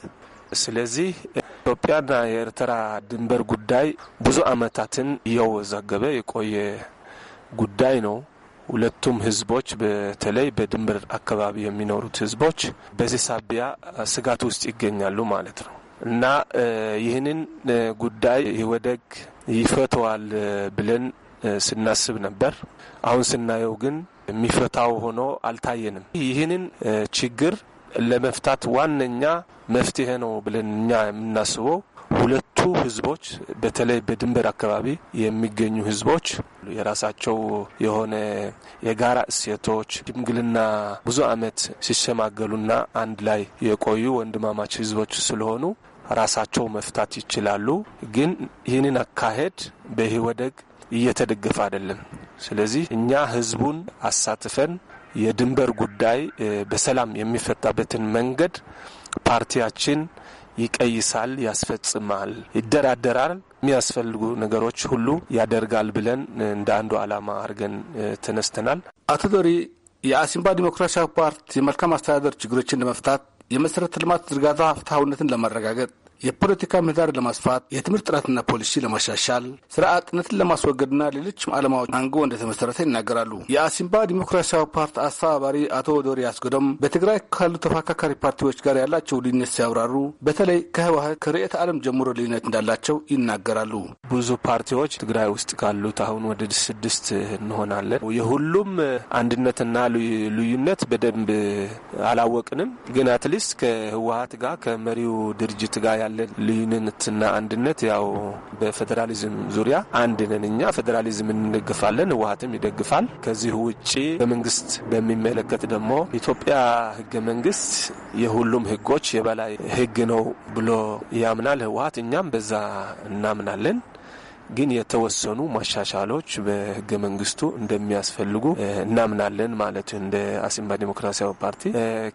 K: ስለዚህ ኢትዮጵያና የኤርትራ ድንበር ጉዳይ ብዙ ዓመታትን እያወዛገበ የቆየ ጉዳይ ነው። ሁለቱም ህዝቦች በተለይ በድንበር አካባቢ የሚኖሩት ህዝቦች በዚህ ሳቢያ ስጋት ውስጥ ይገኛሉ ማለት ነው እና ይህንን ጉዳይ ይወደግ ይፈተዋል ብለን ስናስብ ነበር። አሁን ስናየው ግን የሚፈታው ሆኖ አልታየንም። ይህንን ችግር ለመፍታት ዋነኛ መፍትሄ ነው ብለን እኛ የምናስበው ሁለቱ ህዝቦች በተለይ በድንበር አካባቢ የሚገኙ ህዝቦች የራሳቸው የሆነ የጋራ እሴቶች ሽምግልና ብዙ አመት ሲሸማገሉና አንድ ላይ የቆዩ ወንድማማች ህዝቦች ስለሆኑ ራሳቸው መፍታት ይችላሉ። ግን ይህንን አካሄድ በህወደግ እየተደገፈ አይደለም። ስለዚህ እኛ ህዝቡን አሳትፈን የድንበር ጉዳይ በሰላም የሚፈታበትን መንገድ ፓርቲያችን ይቀይሳል፣ ያስፈጽማል፣ ይደራደራል፣ የሚያስፈልጉ ነገሮች ሁሉ ያደርጋል ብለን እንደ አንዱ ዓላማ አድርገን ተነስተናል።
H: አቶ ዶሪ የአሲምባ ዲሞክራሲያዊ ፓርቲ የመልካም አስተዳደር ችግሮችን ለመፍታት የመሰረተ ልማት ዝርጋታ ፍትሐዊነትን ለማረጋገጥ የፖለቲካ ምህዳር ለማስፋት የትምህርት ጥራትና ፖሊሲ ለማሻሻል ስራ አጥነትን ለማስወገድና ሌሎችም ዓላማዎች አንግቦ እንደተመሰረተ ይናገራሉ። የአሲምባ ዲሞክራሲያዊ ፓርቲ አስተባባሪ አቶ ዶሪ አስገዶም በትግራይ ካሉ ተፋካካሪ ፓርቲዎች ጋር ያላቸው ልዩነት ሲያብራሩ በተለይ ከህወሀት ከርዕዮተ ዓለም ጀምሮ ልዩነት እንዳላቸው ይናገራሉ። ብዙ ፓርቲዎች ትግራይ ውስጥ ካሉት አሁን ወደ ስድስት እንሆናለን። የሁሉም
K: አንድነትና ልዩነት በደንብ አላወቅንም፣ ግን አትሊስት ከህወሀት ጋር ከመሪው ድርጅት ጋር ያለን ልዩነትና አንድነት ያው በፌዴራሊዝም ዙሪያ አንድ ነን። እኛ ፌዴራሊዝም እንደግፋለን፣ ህወሀትም ይደግፋል። ከዚህ ውጭ በመንግስት በሚመለከት ደግሞ ኢትዮጵያ ህገ መንግስት የሁሉም ህጎች የበላይ ህግ ነው ብሎ ያምናል ህወሀት። እኛም በዛ እናምናለን። ግን የተወሰኑ ማሻሻሎች በህገ መንግስቱ እንደሚያስፈልጉ እናምናለን ማለት እንደ አሲምባ ዲሞክራሲያዊ ፓርቲ።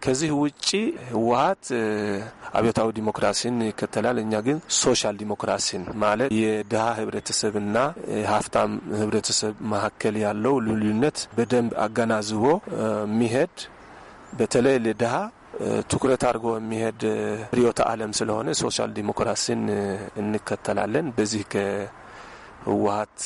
K: ከዚህ ውጭ ህወሀት አብዮታዊ ዲሞክራሲን ይከተላል። እኛ ግን ሶሻል ዲሞክራሲን ማለት የድሀ ህብረተሰብና ሀብታም ህብረተሰብ መካከል ያለው ልዩነት በደንብ አገናዝቦ የሚሄድ በተለይ ለድሀ ትኩረት አድርጎ የሚሄድ ርዕዮተ ዓለም ስለሆነ ሶሻል ዲሞክራሲን እንከተላለን። በዚህ
H: ህወሀት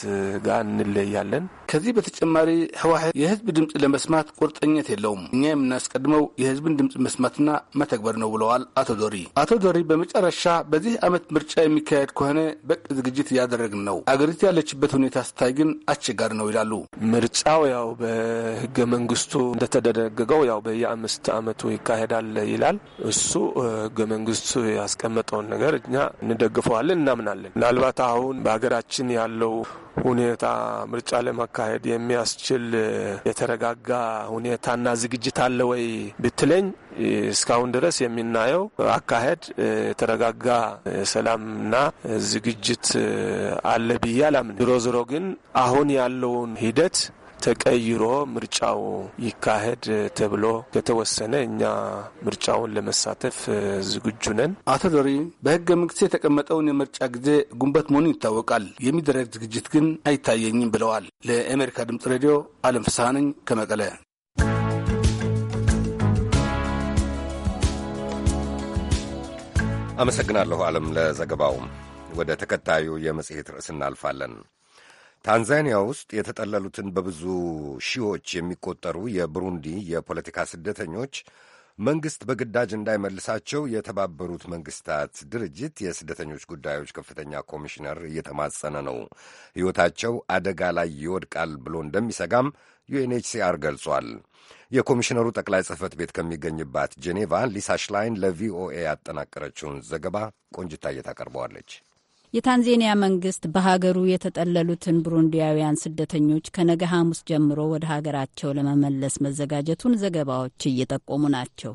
H: ጋር እንለያለን። ከዚህ በተጨማሪ ህወሀት የህዝብ ድምፅ ለመስማት ቁርጠኝነት የለውም። እኛ የምናስቀድመው የህዝብን ድምፅ መስማትና መተግበር ነው ብለዋል አቶ ዶሪ። አቶ ዶሪ በመጨረሻ በዚህ ዓመት ምርጫ የሚካሄድ ከሆነ በቅ ዝግጅት እያደረግን ነው፣ አገሪቱ ያለችበት ሁኔታ ስታይ ግን አስቸጋሪ ነው ይላሉ። ምርጫው ያው በህገ
K: መንግስቱ እንደተደነገገው ያው በየአምስት ዓመቱ ይካሄዳል ይላል። እሱ ህገ መንግስቱ ያስቀመጠውን ነገር እኛ እንደግፈዋለን፣ እናምናለን። ምናልባት አሁን በሀገራችን ያ ያለው ሁኔታ ምርጫ ለመካሄድ የሚያስችል የተረጋጋ ሁኔታና ዝግጅት አለ ወይ ብትለኝ እስካሁን ድረስ የሚናየው አካሄድ የተረጋጋ ሰላምና ዝግጅት አለ ብዬ አላምን። ዝሮ ዝሮ ግን አሁን ያለውን ሂደት ተቀይሮ ምርጫው ይካሄድ ተብሎ ከተወሰነ እኛ ምርጫውን ለመሳተፍ
H: ዝግጁ ነን። አቶ ዶሪ በህገ መንግስት የተቀመጠውን የምርጫ ጊዜ ጉንበት መሆኑን ይታወቃል። የሚደረግ ዝግጅት ግን አይታየኝም ብለዋል። ለአሜሪካ ድምጽ ሬዲዮ አለም ፍስሐ ነኝ
E: ከመቀለ። አመሰግናለሁ አለም ለዘገባው። ወደ ተከታዩ የመጽሔት ርዕስ እናልፋለን። ታንዛኒያ ውስጥ የተጠለሉትን በብዙ ሺዎች የሚቆጠሩ የብሩንዲ የፖለቲካ ስደተኞች መንግሥት በግዳጅ እንዳይመልሳቸው የተባበሩት መንግሥታት ድርጅት የስደተኞች ጉዳዮች ከፍተኛ ኮሚሽነር እየተማጸነ ነው። ሕይወታቸው አደጋ ላይ ይወድቃል ብሎ እንደሚሰጋም ዩኤንኤችሲአር ገልጿል። የኮሚሽነሩ ጠቅላይ ጽሕፈት ቤት ከሚገኝባት ጄኔቫ ሊሳ ሽላይን ለቪኦኤ ያጠናቀረችውን ዘገባ ቆንጅታ እየታቀርበዋለች።
L: የታንዜኒያ መንግስት በሀገሩ የተጠለሉትን ቡሩንዲያውያን ስደተኞች ከነገ ሐሙስ ጀምሮ ወደ ሀገራቸው ለመመለስ መዘጋጀቱን ዘገባዎች እየጠቆሙ ናቸው።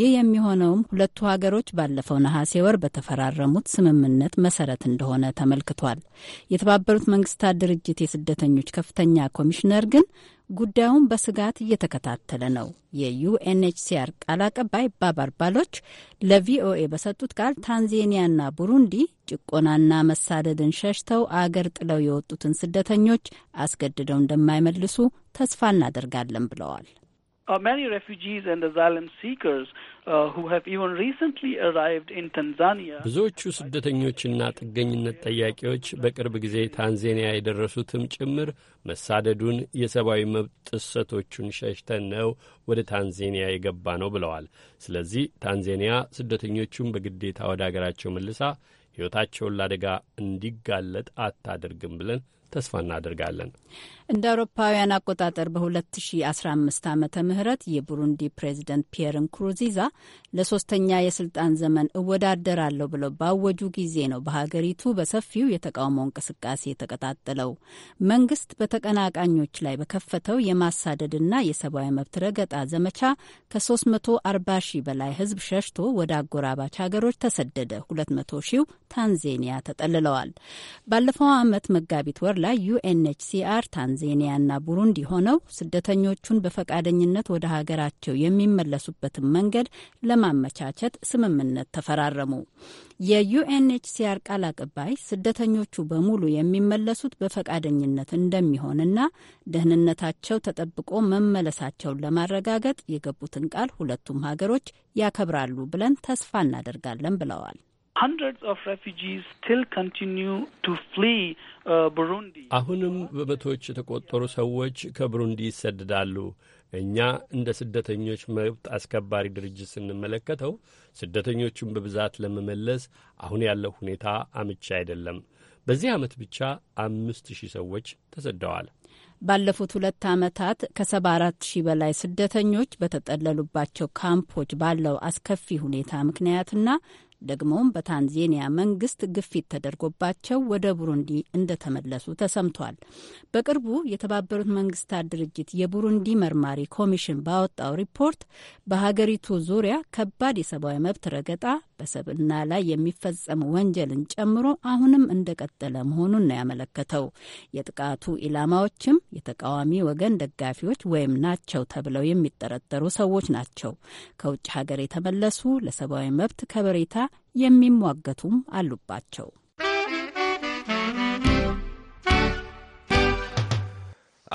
L: ይህ የሚሆነውም ሁለቱ ሀገሮች ባለፈው ነሐሴ ወር በተፈራረሙት ስምምነት መሰረት እንደሆነ ተመልክቷል። የተባበሩት መንግስታት ድርጅት የስደተኞች ከፍተኛ ኮሚሽነር ግን ጉዳዩን በስጋት እየተከታተለ ነው። የዩኤንኤችሲአር ቃል አቀባይ ባባር ባሎች ለቪኦኤ በሰጡት ቃል ታንዜኒያና ቡሩንዲ ጭቆናና መሳደድን ሸሽተው አገር ጥለው የወጡትን ስደተኞች አስገድደው እንደማይመልሱ ተስፋ እናደርጋለን
M: ብለዋል።
H: uh, many refugees and asylum seekers uh, who have even recently arrived in Tanzania.
M: ብዙዎቹ ስደተኞችና ጥገኝነት ጠያቂዎች በቅርብ ጊዜ ታንዛኒያ የደረሱትም ጭምር መሳደዱን፣ የሰብአዊ መብት ጥሰቶቹን ሸሽተን ነው ወደ ታንዛኒያ የገባ ነው ብለዋል። ስለዚህ ታንዛኒያ ስደተኞቹን በግዴታ ወደ አገራቸው መልሳ ሕይወታቸውን ለአደጋ እንዲጋለጥ አታደርግም ብለን ተስፋ እናደርጋለን።
L: እንደ አውሮፓውያን አቆጣጠር በ2015 ዓ ም የቡሩንዲ ፕሬዚደንት ፒየር ንኩሩዚዛ ለሶስተኛ የስልጣን ዘመን እወዳደራለሁ ብለው ባወጁ ጊዜ ነው በሀገሪቱ በሰፊው የተቃውሞ እንቅስቃሴ የተቀጣጠለው። መንግስት በተቀናቃኞች ላይ በከፈተው የማሳደድና የሰብአዊ መብት ረገጣ ዘመቻ ከ340 ሺህ በላይ ህዝብ ሸሽቶ ወደ አጎራባች ሀገሮች ተሰደደ። 200 ሺው ታንዜኒያ ተጠልለዋል። ባለፈው ዓመት መጋቢት ወር ላይ ዩኤንኤችሲአር ታን። ታንዜኒያና ቡሩንዲ ሆነው ስደተኞቹን በፈቃደኝነት ወደ ሀገራቸው የሚመለሱበትን መንገድ ለማመቻቸት ስምምነት ተፈራረሙ። የዩኤንኤችሲአር ቃል አቀባይ ስደተኞቹ በሙሉ የሚመለሱት በፈቃደኝነት እንደሚሆንና ደህንነታቸው ተጠብቆ መመለሳቸውን ለማረጋገጥ የገቡትን ቃል ሁለቱም ሀገሮች ያከብራሉ ብለን ተስፋ እናደርጋለን ብለዋል።
H: hundreds of
M: refugees still continue to flee uh, Burundi. አሁንም በመቶዎች የተቆጠሩ ሰዎች ከብሩንዲ ይሰደዳሉ። እኛ እንደ ስደተኞች መብት አስከባሪ ድርጅት ስንመለከተው ስደተኞቹን በብዛት ለመመለስ አሁን ያለው ሁኔታ አመቺ አይደለም። በዚህ ዓመት ብቻ አምስት ሺህ ሰዎች ተሰደዋል።
L: ባለፉት ሁለት ዓመታት ከሰባ አራት ሺህ በላይ ስደተኞች በተጠለሉባቸው ካምፖች ባለው አስከፊ ሁኔታ ምክንያትና ደግሞም በታንዜኒያ መንግስት ግፊት ተደርጎባቸው ወደ ቡሩንዲ እንደተመለሱ ተሰምቷል። በቅርቡ የተባበሩት መንግስታት ድርጅት የቡሩንዲ መርማሪ ኮሚሽን ባወጣው ሪፖርት በሀገሪቱ ዙሪያ ከባድ የሰብአዊ መብት ረገጣ በሰብና ላይ የሚፈጸም ወንጀልን ጨምሮ አሁንም እንደቀጠለ መሆኑን ነው ያመለከተው። የጥቃቱ ኢላማዎችም የተቃዋሚ ወገን ደጋፊዎች ወይም ናቸው ተብለው የሚጠረጠሩ ሰዎች ናቸው። ከውጭ ሀገር የተመለሱ ለሰብአዊ መብት ከበሬታ የሚሟገቱም አሉባቸው።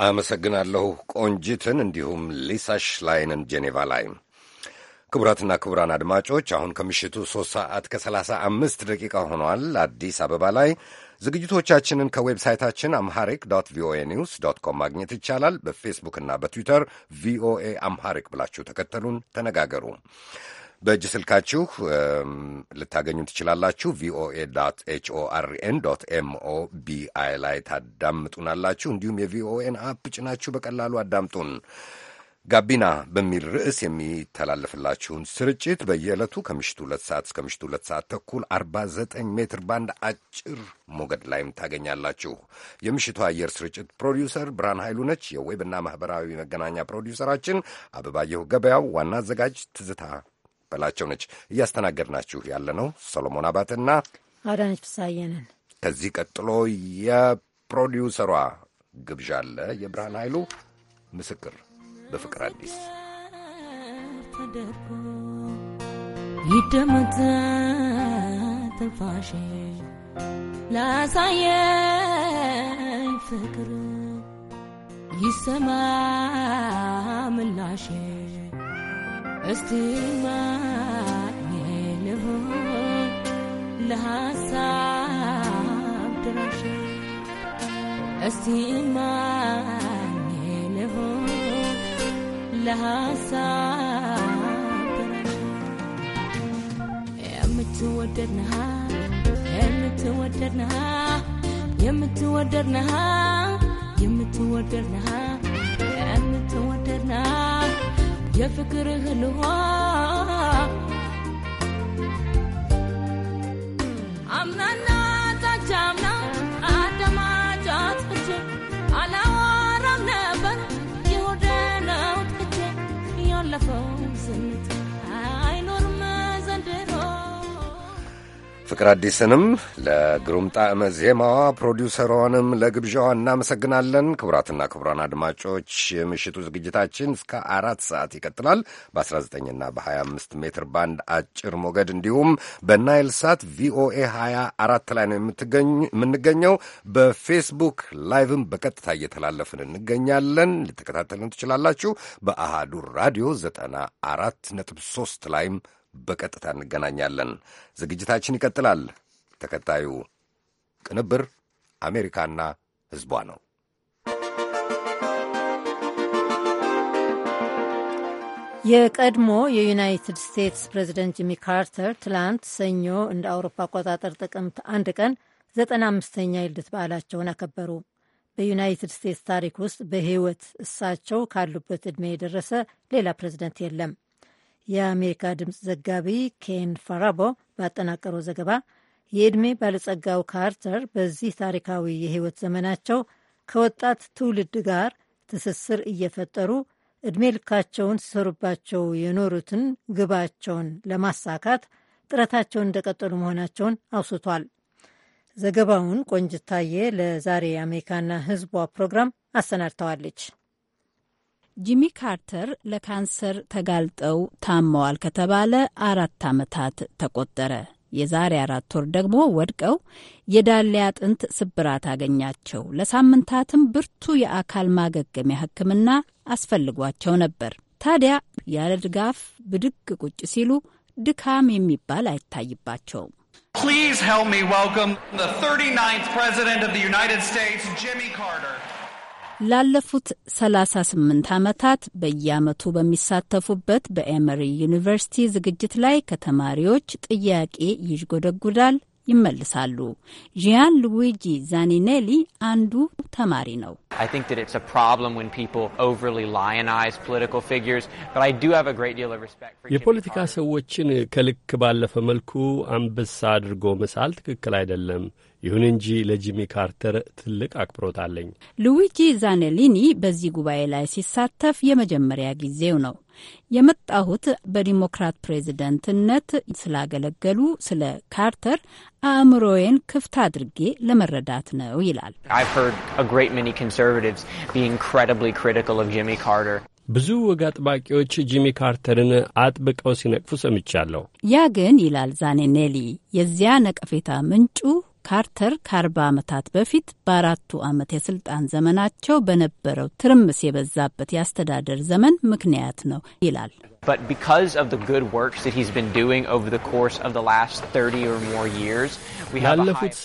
E: አመሰግናለሁ ቆንጂትን፣ እንዲሁም ሊሳ ሽላይንን ጄኔቫ ላይ። ክቡራትና ክቡራን አድማጮች አሁን ከምሽቱ 3 ሰዓት ከ35 ደቂቃ ሆኗል። አዲስ አበባ ላይ ዝግጅቶቻችንን ከዌብሳይታችን አምሐሪክ ዶት ቪኦኤ ኒውስ ዶት ኮም ማግኘት ይቻላል። በፌስቡክና በትዊተር ቪኦኤ አምሐሪክ ብላችሁ ተከተሉን፣ ተነጋገሩ። በእጅ ስልካችሁ ልታገኙ ትችላላችሁ። ቪኦኤ ዶት ኤችኦአርኤን ዶት ኤምኦ ቢአይ ላይ ታዳምጡናላችሁ። እንዲሁም የቪኦኤን አፕ ጭናችሁ በቀላሉ አዳምጡን። ጋቢና በሚል ርዕስ የሚተላለፍላችሁን ስርጭት በየዕለቱ ከምሽቱ ሁለት ሰዓት እስከ ምሽቱ ሁለት ሰዓት ተኩል አርባ ዘጠኝ ሜትር ባንድ አጭር ሞገድ ላይም ታገኛላችሁ። የምሽቱ አየር ስርጭት ፕሮዲውሰር ብርሃን ኃይሉ ነች። የዌብና ማኅበራዊ መገናኛ ፕሮዲውሰራችን አበባየሁ ገበያው፣ ዋና አዘጋጅ ትዝታ በላቸው ነች። እያስተናገድናችሁ ያለነው ሰሎሞን አባትና
C: አዳነች ፍሳየንን።
E: ከዚህ ቀጥሎ የፕሮዲውሰሯ ግብዣ አለ። የብርሃን ኃይሉ ምስክር በፍቅር አዲስ ይደመጣ ትንፋሽ
A: ላሳየኝ
C: ፍቅር ይሰማ ምላሽ እስቲ ማን ልሆን ለሐሳብ ድራሽ እስቲ ማን ልሆን ለሐሳብ ድራሽ የምትወደድንሃ የምትወደድንሃ የምትወደድንሃ የምትወደድንሃ የምትወደድንሃ የፍቅር ውሃ
A: አምናና
E: ፍቅር አዲስንም ለግሩም ጣዕመ ዜማዋ ፕሮዲውሰሯንም ለግብዣዋ እናመሰግናለን። ክቡራትና ክቡራን አድማጮች የምሽቱ ዝግጅታችን እስከ አራት ሰዓት ይቀጥላል። በ19ና በ25 ሜትር ባንድ አጭር ሞገድ እንዲሁም በናይል ሳት ቪኦኤ 24 ላይ ነው የምንገኘው። በፌስቡክ ላይቭም በቀጥታ እየተላለፍን እንገኛለን። ልትከታተልን ትችላላችሁ። በአሃዱ ራዲዮ 94.3 ላይም በቀጥታ እንገናኛለን። ዝግጅታችን ይቀጥላል። ተከታዩ ቅንብር አሜሪካና ሕዝቧ ነው።
C: የቀድሞ የዩናይትድ ስቴትስ ፕሬዚደንት ጂሚ ካርተር ትላንት ሰኞ እንደ አውሮፓ አቆጣጠር ጥቅምት አንድ ቀን ዘጠና አምስተኛ የልደት በዓላቸውን አከበሩ። በዩናይትድ ስቴትስ ታሪክ ውስጥ በህይወት እሳቸው ካሉበት ዕድሜ የደረሰ ሌላ ፕሬዚደንት የለም። የአሜሪካ ድምፅ ዘጋቢ ኬን ፋራቦ ባጠናቀረው ዘገባ የዕድሜ ባለጸጋው ካርተር በዚህ ታሪካዊ የህይወት ዘመናቸው ከወጣት ትውልድ ጋር ትስስር እየፈጠሩ ዕድሜ ልካቸውን ሲሰሩባቸው የኖሩትን ግባቸውን ለማሳካት ጥረታቸውን እንደቀጠሉ መሆናቸውን አውስቷል። ዘገባውን ቆንጅታዬ ለዛሬ የአሜሪካና ህዝቧ ፕሮግራም አሰናድተዋለች። ጂሚ
L: ካርተር ለካንሰር ተጋልጠው ታመዋል ከተባለ አራት ዓመታት ተቆጠረ። የዛሬ አራት ወር ደግሞ ወድቀው የዳሌ አጥንት ስብራት አገኛቸው። ለሳምንታትም ብርቱ የአካል ማገገሚያ ሕክምና አስፈልጓቸው ነበር። ታዲያ ያለ ድጋፍ ብድግ ቁጭ ሲሉ ድካም የሚባል አይታይባቸውም።
H: ፕሊዝ ሄልፕ ሚ ዌልከም ዘ 39th ፕሬዚደንት ኦፍ
A: ዩናይትድ ስቴትስ ጂሚ ካርተር
L: ላለፉት 38 ዓመታት በየዓመቱ በሚሳተፉበት በኤመሪ ዩኒቨርሲቲ ዝግጅት ላይ ከተማሪዎች ጥያቄ ይዥጎደጉዳል፣ ይመልሳሉ። ጂያን ሉዊጂ ዛኒኔሊ አንዱ ተማሪ ነው።
M: የፖለቲካ ሰዎችን ከልክ ባለፈ መልኩ አንበሳ አድርጎ መሳል ትክክል አይደለም። ይሁን እንጂ ለጂሚ ካርተር ትልቅ አክብሮት አለኝ።
L: ሉዊጂ ዛኔሊኒ በዚህ ጉባኤ ላይ ሲሳተፍ የመጀመሪያ ጊዜው ነው። የመጣሁት በዲሞክራት ፕሬዝደንትነት ስላገለገሉ ስለ ካርተር አእምሮዬን ክፍት አድርጌ ለመረዳት ነው
I: ይላል።
M: ብዙ ወግ አጥባቂዎች ጂሚ ካርተርን አጥብቀው ሲነቅፉ ሰምቻለሁ።
L: ያ ግን ይላል ዛኔኔሊ፣ የዚያ ነቀፌታ ምንጩ ካርተር ከአርባ ዓመታት በፊት በአራቱ ዓመት የስልጣን ዘመናቸው በነበረው ትርምስ የበዛበት የአስተዳደር ዘመን ምክንያት ነው ይላል።
F: But because of the good works that he's been doing over the course
M: of the last 30 or more years, we have ላለፉት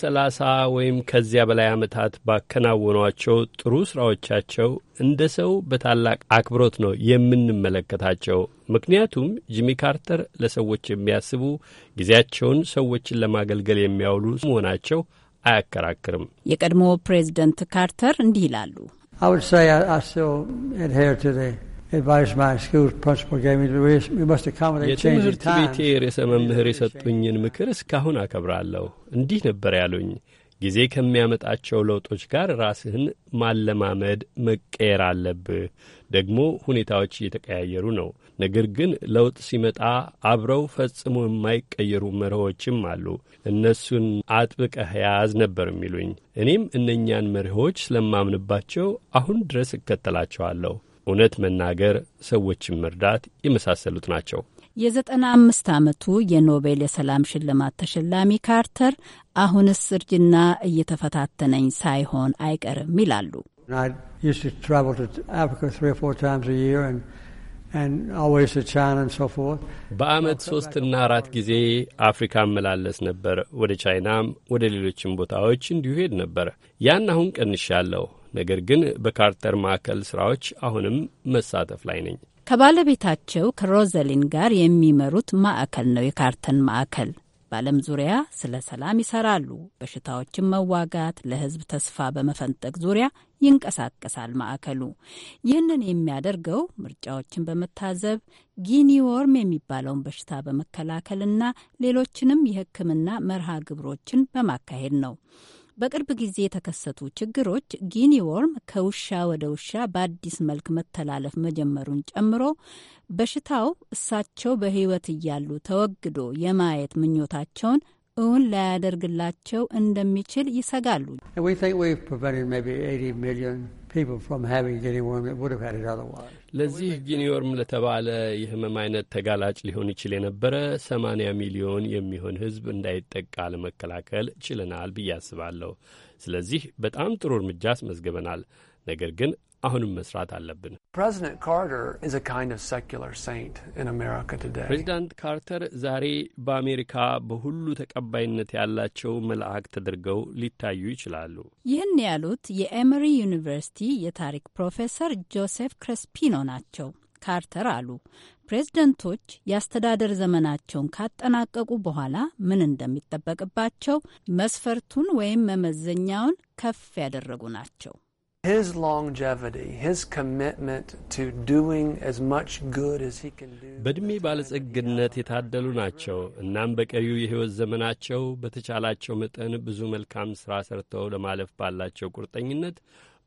M: ወይም ከዚያ በላይ ዓመታት ባከናወኗቸው ጥሩ ስራዎቻቸው እንደ ሰው በታላቅ አክብሮት ነው የምንመለከታቸው። ምክንያቱም ጂሚ ካርተር ለሰዎች የሚያስቡ ጊዜያቸውን ሰዎችን ለማገልገል የሚያውሉ መሆናቸው አያከራክርም።
L: የቀድሞ ፕሬዝደንት ካርተር እንዲህ ይላሉ።
M: I would say I, I still
N: adhere to the የትምህርት ቤቴ
M: ርዕሰ መምህር የሰጡኝን ምክር እስካሁን አከብራለሁ። እንዲህ ነበር ያሉኝ፣ ጊዜ ከሚያመጣቸው ለውጦች ጋር ራስህን ማለማመድ፣ መቀየር አለብህ። ደግሞ ሁኔታዎች እየተቀያየሩ ነው። ነገር ግን ለውጥ ሲመጣ አብረው ፈጽሞ የማይቀየሩ መርሆችም አሉ። እነሱን አጥብቀህ ያዝ ነበር የሚሉኝ። እኔም እነኛን መርሆች ስለማምንባቸው አሁን ድረስ እከተላቸዋለሁ። እውነት መናገር፣ ሰዎችን መርዳት የመሳሰሉት ናቸው።
L: የዘጠና አምስት ዓመቱ የኖቤል የሰላም ሽልማት ተሸላሚ ካርተር አሁንስ እርጅና እየተፈታተነኝ
N: ሳይሆን አይቀርም ይላሉ።
M: በአመት ሶስትና አራት ጊዜ አፍሪካ እመላለስ ነበር። ወደ ቻይናም ወደ ሌሎችም ቦታዎች እንዲሁ ሄድ ነበር። ያን አሁን ቀንሻለሁ። ነገር ግን በካርተር ማዕከል ስራዎች አሁንም መሳተፍ ላይ ነኝ።
L: ከባለቤታቸው ከሮዘሊን ጋር የሚመሩት ማዕከል ነው የካርተን ማዕከል። በዓለም ዙሪያ ስለ ሰላም ይሰራሉ። በሽታዎችን መዋጋት፣ ለህዝብ ተስፋ በመፈንጠቅ ዙሪያ ይንቀሳቀሳል ማዕከሉ። ይህንን የሚያደርገው ምርጫዎችን በመታዘብ ወርም የሚባለውን በሽታ በመከላከልና ሌሎችንም የሕክምና መርሃ ግብሮችን በማካሄድ ነው። በቅርብ ጊዜ የተከሰቱ ችግሮች ጊኒ ወርም ከውሻ ወደ ውሻ በአዲስ መልክ መተላለፍ መጀመሩን ጨምሮ በሽታው እሳቸው በሕይወት እያሉ ተወግዶ የማየት ምኞታቸውን እውን ላያደርግላቸው እንደሚችል ይሰጋሉ።
M: ለዚህ ጊኒወርም ለተባለ የህመም አይነት ተጋላጭ ሊሆን ይችል የነበረ 80 ሚሊዮን የሚሆን ህዝብ እንዳይጠቃ ለመከላከል ችለናል ብዬ አስባለሁ። ስለዚህ በጣም ጥሩ እርምጃ አስመዝግበናል። ነገር ግን አሁንም መስራት አለብን። ፕሬዚዳንት ካርተር ዛሬ በአሜሪካ በሁሉ ተቀባይነት ያላቸው መልአክ ተደርገው ሊታዩ ይችላሉ።
K: ይህን
L: ያሉት የኤመሪ ዩኒቨርሲቲ የታሪክ ፕሮፌሰር ጆሴፍ ክረስፒኖ ናቸው። ካርተር አሉ ፕሬዝደንቶች የአስተዳደር ዘመናቸውን ካጠናቀቁ በኋላ ምን እንደሚጠበቅባቸው መስፈርቱን ወይም መመዘኛውን ከፍ ያደረጉ ናቸው።
M: በእድሜ ባለጸግነት የታደሉ ናቸው። እናም በቀሪው የሕይወት ዘመናቸው በተቻላቸው መጠን ብዙ መልካም ሥራ ሰርተው ለማለፍ ባላቸው ቁርጠኝነት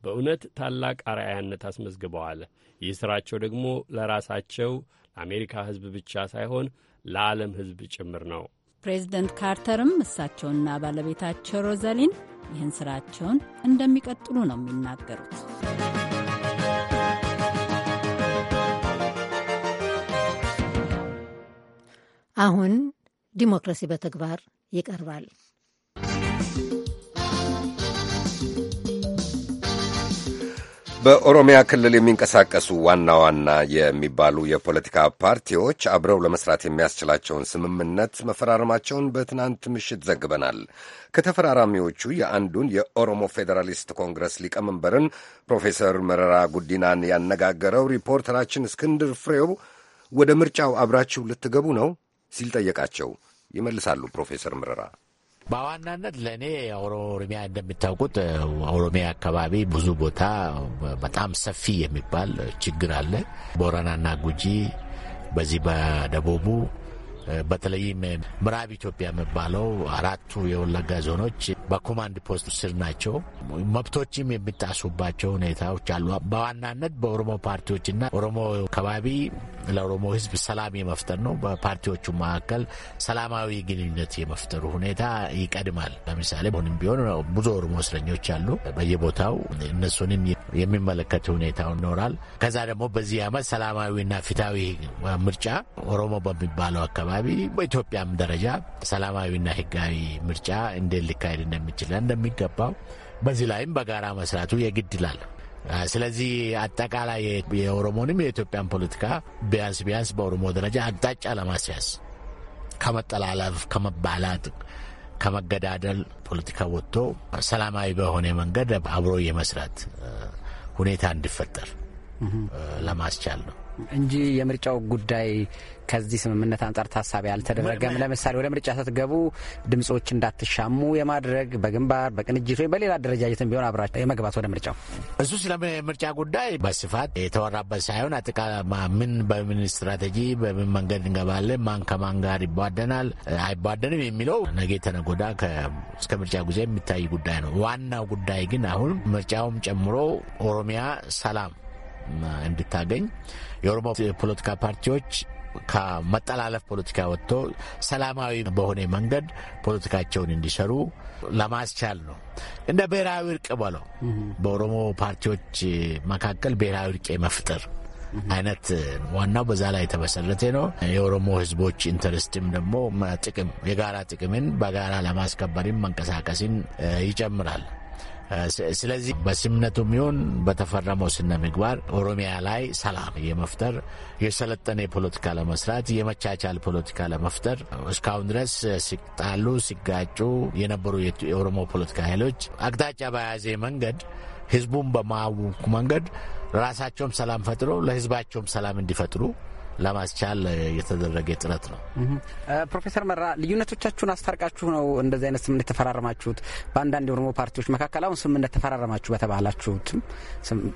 M: በእውነት ታላቅ አርአያነት አስመዝግበዋል። ይህ ሥራቸው ደግሞ ለራሳቸው ለአሜሪካ ሕዝብ ብቻ ሳይሆን ለዓለም ሕዝብ ጭምር ነው።
L: ፕሬዚደንት ካርተርም እሳቸውና ባለቤታቸው ሮዛሊን ይህን ስራቸውን እንደሚቀጥሉ ነው የሚናገሩት።
C: አሁን ዲሞክራሲ በተግባር ይቀርባል።
E: በኦሮሚያ ክልል የሚንቀሳቀሱ ዋና ዋና የሚባሉ የፖለቲካ ፓርቲዎች አብረው ለመስራት የሚያስችላቸውን ስምምነት መፈራረማቸውን በትናንት ምሽት ዘግበናል። ከተፈራራሚዎቹ የአንዱን የኦሮሞ ፌዴራሊስት ኮንግረስ ሊቀመንበርን ፕሮፌሰር መረራ ጉዲናን ያነጋገረው ሪፖርተራችን እስክንድር ፍሬው ወደ ምርጫው አብራችሁ ልትገቡ ነው ሲል ጠየቃቸው። ይመልሳሉ ፕሮፌሰር መረራ
F: በዋናነት ለእኔ ኦሮሚያ እንደሚታውቁት ኦሮሚያ አካባቢ ብዙ ቦታ በጣም ሰፊ የሚባል ችግር አለ። ቦረናና ጉጂ በዚህ በደቡቡ በተለይም ምዕራብ ኢትዮጵያ የሚባለው አራቱ የወለጋ ዞኖች በኮማንድ ፖስት ስር ናቸው። መብቶችም የሚጣሱባቸው ሁኔታዎች አሉ። በዋናነት በኦሮሞ ፓርቲዎችና ኦሮሞ ከባቢ ለኦሮሞ ሕዝብ ሰላም የመፍጠር ነው። በፓርቲዎቹ መካከል ሰላማዊ ግንኙነት የመፍጠሩ ሁኔታ ይቀድማል። ለምሳሌ አሁንም ቢሆን ብዙ ኦሮሞ እስረኞች አሉ በየቦታው እነሱንም የሚመለከት ሁኔታው ይኖራል። ከዛ ደግሞ በዚህ ዓመት ሰላማዊና ፊታዊ ምርጫ ኦሮሞ በሚባለው አካባቢ አካባቢ በኢትዮጵያም ደረጃ ሰላማዊና ህጋዊ ምርጫ እንዴት ሊካሄድ እንደሚችል እንደሚገባው በዚህ ላይም በጋራ መስራቱ የግድ ይላል። ስለዚህ አጠቃላይ የኦሮሞንም የኢትዮጵያን ፖለቲካ ቢያንስ ቢያንስ በኦሮሞ ደረጃ አቅጣጫ ለማስያዝ ከመጠላለፍ፣ ከመባላት፣ ከመገዳደል ፖለቲካ ወጥቶ ሰላማዊ በሆነ መንገድ አብሮ የመስራት ሁኔታ እንዲፈጠር ለማስቻል ነው።
O: እንጂ የምርጫው ጉዳይ ከዚህ ስምምነት አንጻር ታሳቢ አልተደረገም። ለምሳሌ ወደ ምርጫ ስትገቡ ድምፆች እንዳትሻሙ የማድረግ በግንባር በቅንጅት ወይም በሌላ አደረጃጀትም ቢሆን
F: አብራ የመግባት ወደ ምርጫው እሱ ስለ ምርጫ ጉዳይ በስፋት የተወራበት ሳይሆን አጥቃ ምን በምን ስትራቴጂ በምን መንገድ እንገባለን፣ ማን ከማን ጋር ይቧደናል አይቧደንም የሚለው ነገ ተነጎዳ እስከ ምርጫ ጊዜ የሚታይ ጉዳይ ነው። ዋናው ጉዳይ ግን አሁን ምርጫውም ጨምሮ ኦሮሚያ ሰላም እንድታገኝ የኦሮሞ ፖለቲካ ፓርቲዎች ከመጠላለፍ ፖለቲካ ወጥቶ ሰላማዊ በሆነ መንገድ ፖለቲካቸውን እንዲሰሩ ለማስቻል ነው። እንደ ብሔራዊ እርቅ በለው በኦሮሞ ፓርቲዎች መካከል ብሔራዊ እርቅ መፍጠር አይነት ዋናው በዛ ላይ የተመሰረተ ነው። የኦሮሞ ሕዝቦች ኢንተረስትም ደግሞ ጥቅም የጋራ ጥቅምን በጋራ ለማስከበርም መንቀሳቀስን ይጨምራል። ስለዚህ በስምነቱም ይሁን በተፈረመው ስነ ምግባር ኦሮሚያ ላይ ሰላም የመፍጠር የሰለጠነ ፖለቲካ ለመስራት የመቻቻል ፖለቲካ ለመፍጠር እስካሁን ድረስ ሲጣሉ ሲጋጩ የነበሩ የኦሮሞ ፖለቲካ ኃይሎች አቅጣጫ በያዘ መንገድ ህዝቡን በማወኩ መንገድ ራሳቸውም ሰላም ፈጥሮ ለህዝባቸውም ሰላም እንዲፈጥሩ ለማስቻል የተደረገ ጥረት ነው።
O: ፕሮፌሰር መራ ልዩነቶቻችሁን አስታርቃችሁ ነው እንደዚህ አይነት ስምምነት የተፈራረማችሁት። በአንዳንድ የኦሮሞ ፓርቲዎች መካከል አሁን ስምምነት ተፈራረማችሁ በተባላችሁትም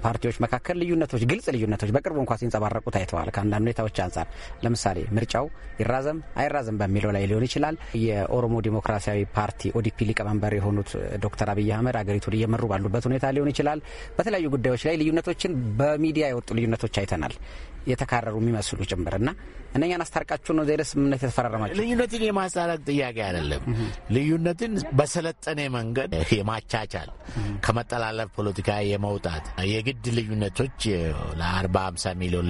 O: ፓርቲዎች መካከል ልዩነቶች፣ ግልጽ ልዩነቶች በቅርቡ እንኳ ሲንጸባረቁ ታይተዋል። ከአንዳንድ ሁኔታዎች አንጻር ለምሳሌ ምርጫው ይራዘም አይራዘም በሚለው ላይ ሊሆን ይችላል። የኦሮሞ ዲሞክራሲያዊ ፓርቲ ኦዲፒ ሊቀመንበር የሆኑት ዶክተር አብይ አህመድ አገሪቱን እየመሩ ባሉበት ሁኔታ ሊሆን ይችላል። በተለያዩ ጉዳዮች ላይ ልዩነቶችን በሚዲያ የወጡ ልዩነቶች አይተናል
F: የተካረሩ የሚመስሉ ጭምርና እነኛን አስታርቃችሁ ነው ዜሬ ስምምነት የተፈራረማችሁ? ልዩነትን የማስታረቅ ጥያቄ አይደለም። ልዩነትን በሰለጠነ መንገድ የማቻቻል ከመጠላለፍ ፖለቲካ የመውጣት የግድ ልዩነቶች ለአርባ ሃምሳ ሚሊዮን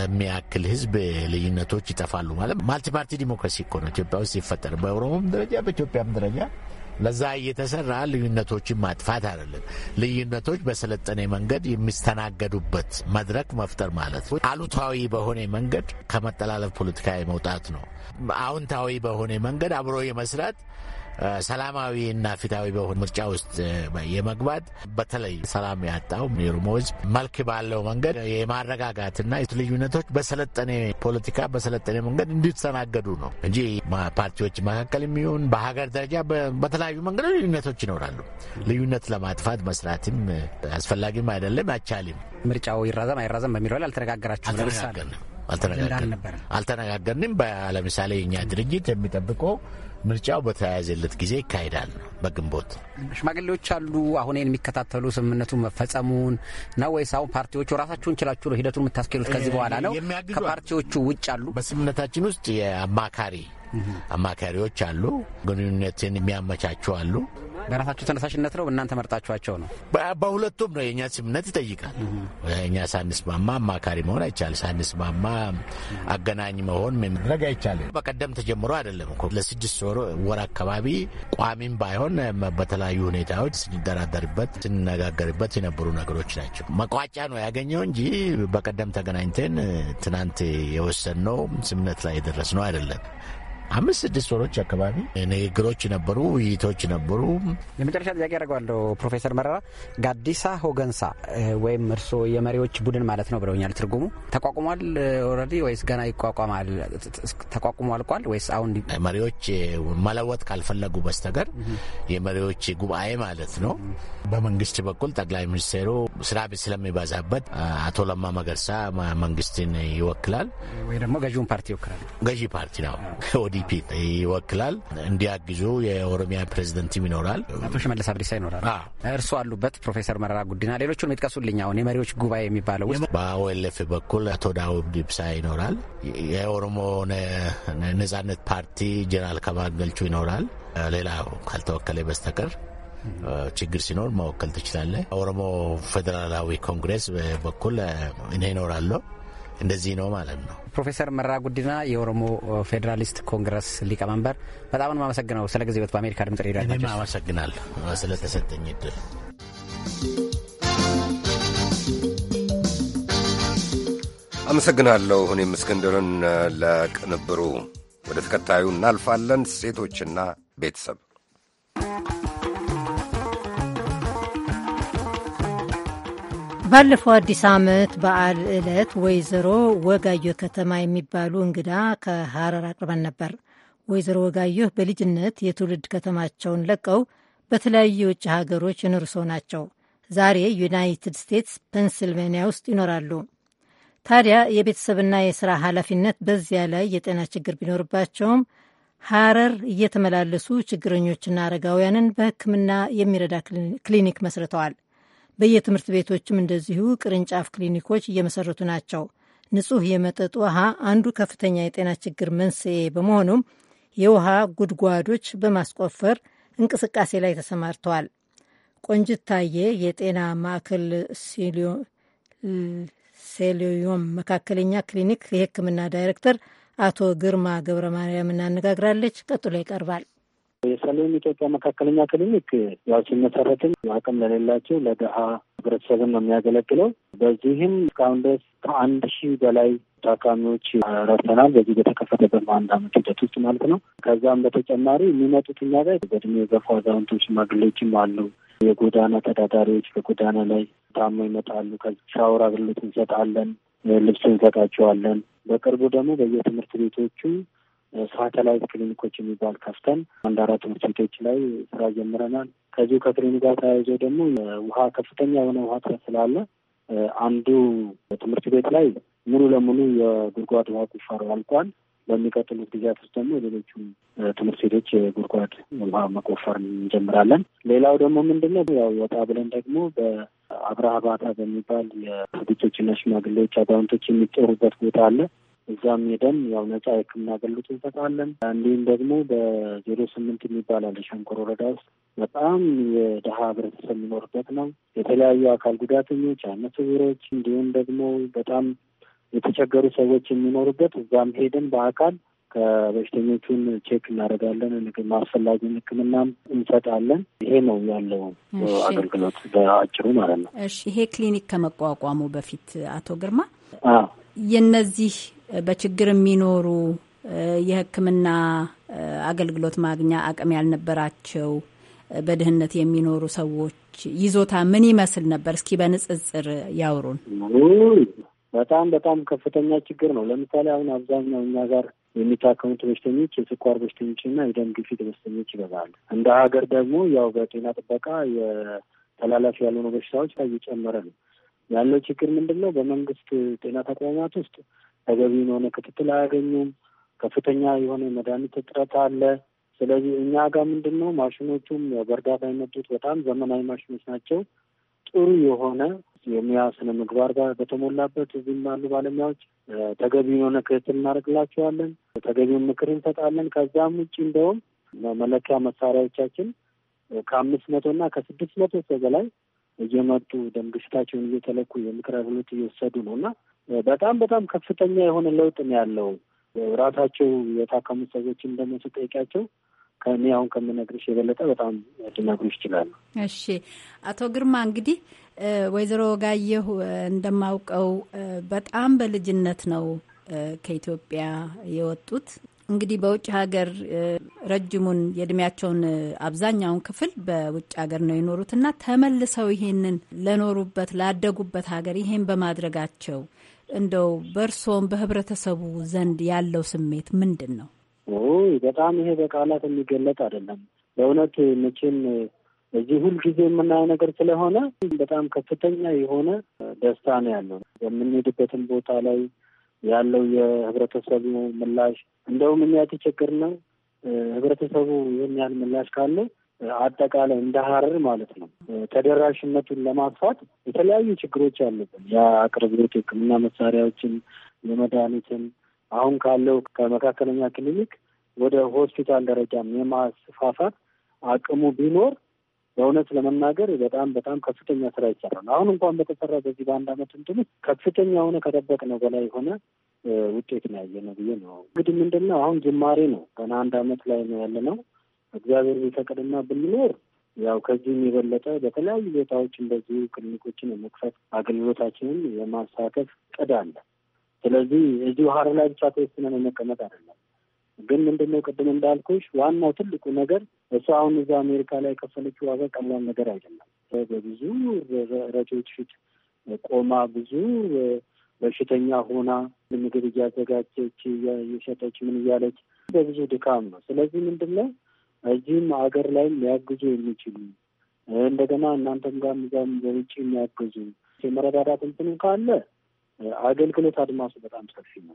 F: ለሚያክል ህዝብ ልዩነቶች ይጠፋሉ ማለት ማልቲፓርቲ ዲሞክራሲ እኮ ነው ኢትዮጵያ ውስጥ ይፈጠር በኦሮሞም ደረጃ በኢትዮጵያም ደረጃ ለዛ እየተሰራ ልዩነቶችን ማጥፋት አይደለም። ልዩነቶች በሰለጠነ መንገድ የሚስተናገዱበት መድረክ መፍጠር ማለት አሉታዊ በሆነ መንገድ ከመጠላለፍ ፖለቲካ መውጣት ነው። አዎንታዊ በሆነ መንገድ አብሮ የመስራት ሰላማዊና ፊታዊ በሆነ ምርጫ ውስጥ የመግባት በተለይ ሰላም ያጣው የኦሮሞ ህዝብ መልክ ባለው መንገድ የማረጋጋትና ልዩነቶች በሰለጠነ ፖለቲካ በሰለጠነ መንገድ እንዲስተናገዱ ነው እንጂ ፓርቲዎች መካከል የሚሆን በሀገር ደረጃ በተለያዩ መንገድ ልዩነቶች ይኖራሉ። ልዩነት ለማጥፋት መስራትም አስፈላጊም አይደለም፣ አይቻልም። ምርጫው ይራዘም አይራዘም በሚለው ላይ አልተነጋገራችሁም? ለምሳሌ አልተነጋገርንም። ለምሳሌ የእኛ ድርጅት የሚጠብቀው ምርጫው በተያያዘለት ጊዜ ይካሄዳል ነው በግንቦት
O: ሽማግሌዎች አሉ። አሁን የሚከታተሉ ስምምነቱ መፈጸሙን ነው ወይስ አሁን ፓርቲዎቹ ራሳችሁን ችላችሁ ነው ሂደቱን የምታስኬዱት? ከዚህ በኋላ ነው
F: ከፓርቲዎቹ ውጭ አሉ? በስምምነታችን ውስጥ የአማካሪ አማካሪዎች አሉ። ግንኙነትን የሚያመቻቹ አሉ። በራሳቸው ተነሳሽነት ነው እናንተ መርጣችኋቸው ነው? በሁለቱም ነው። የእኛ ስምምነት ይጠይቃል። እኛ ሳንስማማ አማካሪ መሆን አይቻልም። ሳንስማማ አገናኝ መሆን መድረግ አይቻልም። በቀደም ተጀምሮ አይደለም እኮ ለስድስት ወር አካባቢ ቋሚም ባይሆን በተለያዩ ሁኔታዎች ስንደራደርበት፣ ስንነጋገርበት የነበሩ ነገሮች ናቸው። መቋጫ ነው ያገኘው እንጂ በቀደም ተገናኝተን ትናንት የወሰንነው ስምነት ላይ የደረስነው አይደለም። አምስት ስድስት ወሮች አካባቢ ንግግሮች ነበሩ፣ ውይይቶች ነበሩ።
O: የመጨረሻ ጥያቄ ያደርገዋለሁ። ፕሮፌሰር መረራ ጋዲሳ ሆገንሳ ወይም እርስዎ የመሪዎች ቡድን ማለት ነው ብለውኛል። ትርጉሙ ተቋቁሟል
F: ኦልሬዲ ወይስ ገና ይቋቋማል? ተቋቁሞ አልቋል ወይስ አሁን? መሪዎች መለወጥ ካልፈለጉ በስተቀር የመሪዎች ጉባኤ ማለት ነው። በመንግስት በኩል ጠቅላይ ሚኒስትሩ ስራ ቤት ስለሚበዛበት አቶ ለማ መገርሳ መንግስትን ይወክላል ወይ ደግሞ ገዢውን ፓርቲ ይወክላል። ገዢ ፓርቲ ነው ዲፒ ይወክላል። እንዲያግዙ የኦሮሚያ ፕሬዚደንትም ይኖራል። አቶ ሽመለስ አብዲሳ ይኖራል። እርሱ አሉበት። ፕሮፌሰር መረራ ጉዲና፣ ሌሎቹን ይጥቀሱልኝ። አሁን የመሪዎች ጉባኤ የሚባለው ውስጥ በኦኤልኤፍ በኩል አቶ ዳውድ ኢብሳ ይኖራል። የኦሮሞ ነጻነት ፓርቲ ጀነራል ከባገልቹ ይኖራል። ሌላ ካልተወከለ በስተቀር ችግር ሲኖር መወከል ትችላለ ኦሮሞ ፌዴራላዊ ኮንግሬስ በኩል እኔ ይኖራለሁ። እንደዚህ ነው ማለት ነው። ፕሮፌሰር መራ ጉዲና የኦሮሞ ፌዴራሊስት ኮንግረስ ሊቀመንበር፣
O: በጣም ነው የማመሰግነው ስለ ጊዜዎት። በአሜሪካ ድምጽ ሬዲዮ እኔም
F: አመሰግናለሁ ስለተሰጠኝ እድል።
E: አመሰግናለሁ። እኔም እስክንድርን ለቅንብሩ። ወደ ተከታዩ እናልፋለን። ሴቶችና ቤተሰብ
C: ባለፈው አዲስ ዓመት በዓል ዕለት ወይዘሮ ወጋዮ ከተማ የሚባሉ እንግዳ ከሐረር አቅርበን ነበር። ወይዘሮ ወጋየሁ በልጅነት የትውልድ ከተማቸውን ለቀው በተለያዩ የውጭ ሀገሮች የኖሩ ሰው ናቸው። ዛሬ ዩናይትድ ስቴትስ ፔንስልቬንያ ውስጥ ይኖራሉ። ታዲያ የቤተሰብና የሥራ ኃላፊነት በዚያ ላይ የጤና ችግር ቢኖርባቸውም ሐረር እየተመላለሱ ችግረኞችና አረጋውያንን በሕክምና የሚረዳ ክሊኒክ መስርተዋል። በየትምህርት ቤቶችም እንደዚሁ ቅርንጫፍ ክሊኒኮች እየመሰረቱ ናቸው። ንጹህ የመጠጥ ውሃ አንዱ ከፍተኛ የጤና ችግር መንስኤ በመሆኑም የውሃ ጉድጓዶች በማስቆፈር እንቅስቃሴ ላይ ተሰማርተዋል። ቆንጅታዬ የጤና ማዕከል ሴሊዮም መካከለኛ ክሊኒክ የሕክምና ዳይሬክተር አቶ ግርማ ገብረ ማርያምን አነጋግራለች። ቀጥሎ ይቀርባል።
N: የሰሜን ኢትዮጵያ መካከለኛ ክሊኒክ ያው ሲመሰረትም አቅም ለሌላቸው ለድሀ ህብረተሰብን ነው የሚያገለግለው። በዚህም እስካሁን ድረስ ከአንድ ሺህ በላይ ታካሚዎች ረድተናል። በዚህ በተከፈተበት በአንድ አመት ሂደት ውስጥ ማለት ነው። ከዛም በተጨማሪ የሚመጡት እኛ ጋር በእድሜ የገፉ አዛውንቶች፣ ሽማግሌዎችም አሉ። የጎዳና ተዳዳሪዎች በጎዳና ላይ ታሞ ይመጣሉ። ከሻወር አገልግሎት እንሰጣለን። ልብስ እንሰጣቸዋለን። በቅርቡ ደግሞ በየትምህርት ቤቶቹ ሳተላይት ክሊኒኮች የሚባል ከፍተን አንድ አራት ትምህርት ቤቶች ላይ ስራ ጀምረናል። ከዚሁ ከክሊኒ ጋር ተያይዞ ደግሞ ውሃ ከፍተኛ የሆነ ውሃ ጥረት ስላለ አንዱ ትምህርት ቤት ላይ ሙሉ ለሙሉ የጉድጓድ ውሃ ቁፋሮ አልቋል። በሚቀጥሉት ጊዜያት ውስጥ ደግሞ ሌሎቹ ትምህርት ቤቶች የጉድጓድ ውሃ መቆፈር እንጀምራለን። ሌላው ደግሞ ምንድነው ያው ወጣ ብለን ደግሞ በአብረሃ ባታ በሚባል የሴቶችና ሽማግሌዎች አዛውንቶች የሚጦሩበት ቦታ አለ። እዛም ሄደን ያው ነጻ የሕክምና አገልግሎት እንሰጣለን። እንዲሁም ደግሞ በዜሮ ስምንት የሚባል አለ ሸንኮር ወረዳ ውስጥ በጣም የድሀ ህብረተሰብ የሚኖርበት ነው። የተለያዩ አካል ጉዳተኞች፣ ዓይነ ስውሮች እንዲሁም ደግሞ በጣም የተቸገሩ ሰዎች የሚኖሩበት እዛም ሄደን በአካል ከበሽተኞቹን ቼክ እናደርጋለን። ማስፈላጊውን ህክምናም እንሰጣለን። ይሄ ነው ያለው አገልግሎት በአጭሩ ማለት ነው።
L: እሺ ይሄ ክሊኒክ ከመቋቋሙ በፊት አቶ ግርማ የነዚህ በችግር የሚኖሩ የሕክምና አገልግሎት ማግኛ አቅም ያልነበራቸው በድህነት የሚኖሩ ሰዎች ይዞታ ምን ይመስል ነበር? እስኪ በንጽጽር ያውሩን።
N: በጣም በጣም ከፍተኛ ችግር ነው። ለምሳሌ አሁን አብዛኛው እኛ ጋር የሚታከሙት በሽተኞች የስኳር በሽተኞች እና የደም ግፊት በሽተኞች ይበዛሉ። እንደ ሀገር ደግሞ ያው በጤና ጥበቃ የተላላፊ ያልሆኑ በሽታዎች እየጨመረ ነው ያለው። ችግር ምንድን ነው? በመንግስት ጤና ተቋማት ውስጥ ተገቢውን የሆነ ክትትል አያገኙም። ከፍተኛ የሆነ የመድኃኒት እጥረት አለ። ስለዚህ እኛ ጋር ምንድን ነው ማሽኖቹም በእርዳታ የመጡት በጣም ዘመናዊ ማሽኖች ናቸው። ጥሩ የሆነ የሙያ ስነ ምግባር ጋር በተሞላበት እዚህም ያሉ ባለሙያዎች ተገቢውን የሆነ ክትትል እናደርግላቸዋለን። ተገቢውን ምክር እንሰጣለን። ከዚያም ውጭ እንደውም መለኪያ መሳሪያዎቻችን ከአምስት መቶ እና ከስድስት መቶ በላይ እየመጡ ደም ግፊታቸውን እየተለኩ የምክር አገልግሎት እየወሰዱ ነው እና በጣም በጣም ከፍተኛ የሆነ ለውጥ ነው ያለው። ራሳቸው የታከሙት ሰዎች እንደመሱ ጠይቂያቸው ከእኔ አሁን ከምነግርሽ የበለጠ በጣም ሊነግሩ ይችላሉ።
L: እሺ አቶ ግርማ እንግዲህ ወይዘሮ ጋየሁ እንደማውቀው በጣም በልጅነት ነው ከኢትዮጵያ የወጡት። እንግዲህ በውጭ ሀገር ረጅሙን የእድሜያቸውን አብዛኛውን ክፍል በውጭ ሀገር ነው የኖሩትና ተመልሰው ይሄንን ለኖሩበት ላደጉበት ሀገር ይሄን በማድረጋቸው እንደው በእርሶም በህብረተሰቡ ዘንድ ያለው ስሜት ምንድን ነው?
N: በጣም ይሄ በቃላት የሚገለጥ አይደለም። በእውነት መቼም እዚህ ሁልጊዜ የምናየው ነገር ስለሆነ በጣም ከፍተኛ የሆነ
A: ደስታ ነው ያለው።
N: የምንሄድበትን ቦታ ላይ ያለው የህብረተሰቡ ምላሽ እንደውም እኛ የተቸገርነው ህብረተሰቡ ይህን ያህል ምላሽ ካለው አጠቃላይ እንደ ሀረር ማለት ነው ተደራሽነቱን ለማስፋት የተለያዩ ችግሮች አሉብን። የአቅርቦት የሕክምና መሳሪያዎችን የመድኃኒትን አሁን ካለው ከመካከለኛ ክሊኒክ ወደ ሆስፒታል ደረጃም የማስፋፋት አቅሙ ቢኖር በእውነት ለመናገር በጣም በጣም ከፍተኛ ስራ ይሰራል። አሁን እንኳን በተሰራ በዚህ በአንድ አመት እንትን ከፍተኛ የሆነ ከጠበቅነው በላይ የሆነ ውጤት ነው ያየነው ብዬ ነው። እንግዲህ ምንድን ነው አሁን ጅማሬ ነው። ገና አንድ አመት ላይ ነው ያለ ነው። እግዚአብሔር ቢፈቅድና ብንኖር ያው ከዚህም የበለጠ በተለያዩ ቦታዎች እንደዚሁ ክሊኒኮችን የመክፈት አገልግሎታችንን የማሳተፍ ቅድ አለ። ስለዚህ እዚሁ ሀረር ላይ ብቻ ተወስነን መቀመጥ አይደለም። ግን ምንድነው ቅድም እንዳልኩሽ ዋናው ትልቁ ነገር እሱ አሁን እዛ አሜሪካ ላይ የከፈለችው ዋጋ ቀላል ነገር አይደለም። በብዙ ረጆች ፊት ቆማ ብዙ በሽተኛ ሆና ምግብ እያዘጋጀች እየሸጠች ምን እያለች በብዙ ድካም ነው። ስለዚህ ምንድነው እዚህም ሀገር ላይም ሊያግዙ የሚችሉ እንደገና እናንተም ጋር ምዛም በውጭ የሚያግዙ የመረዳዳት እንትኑ ካለ አገልግሎት አድማሱ በጣም ሰፊ ነው።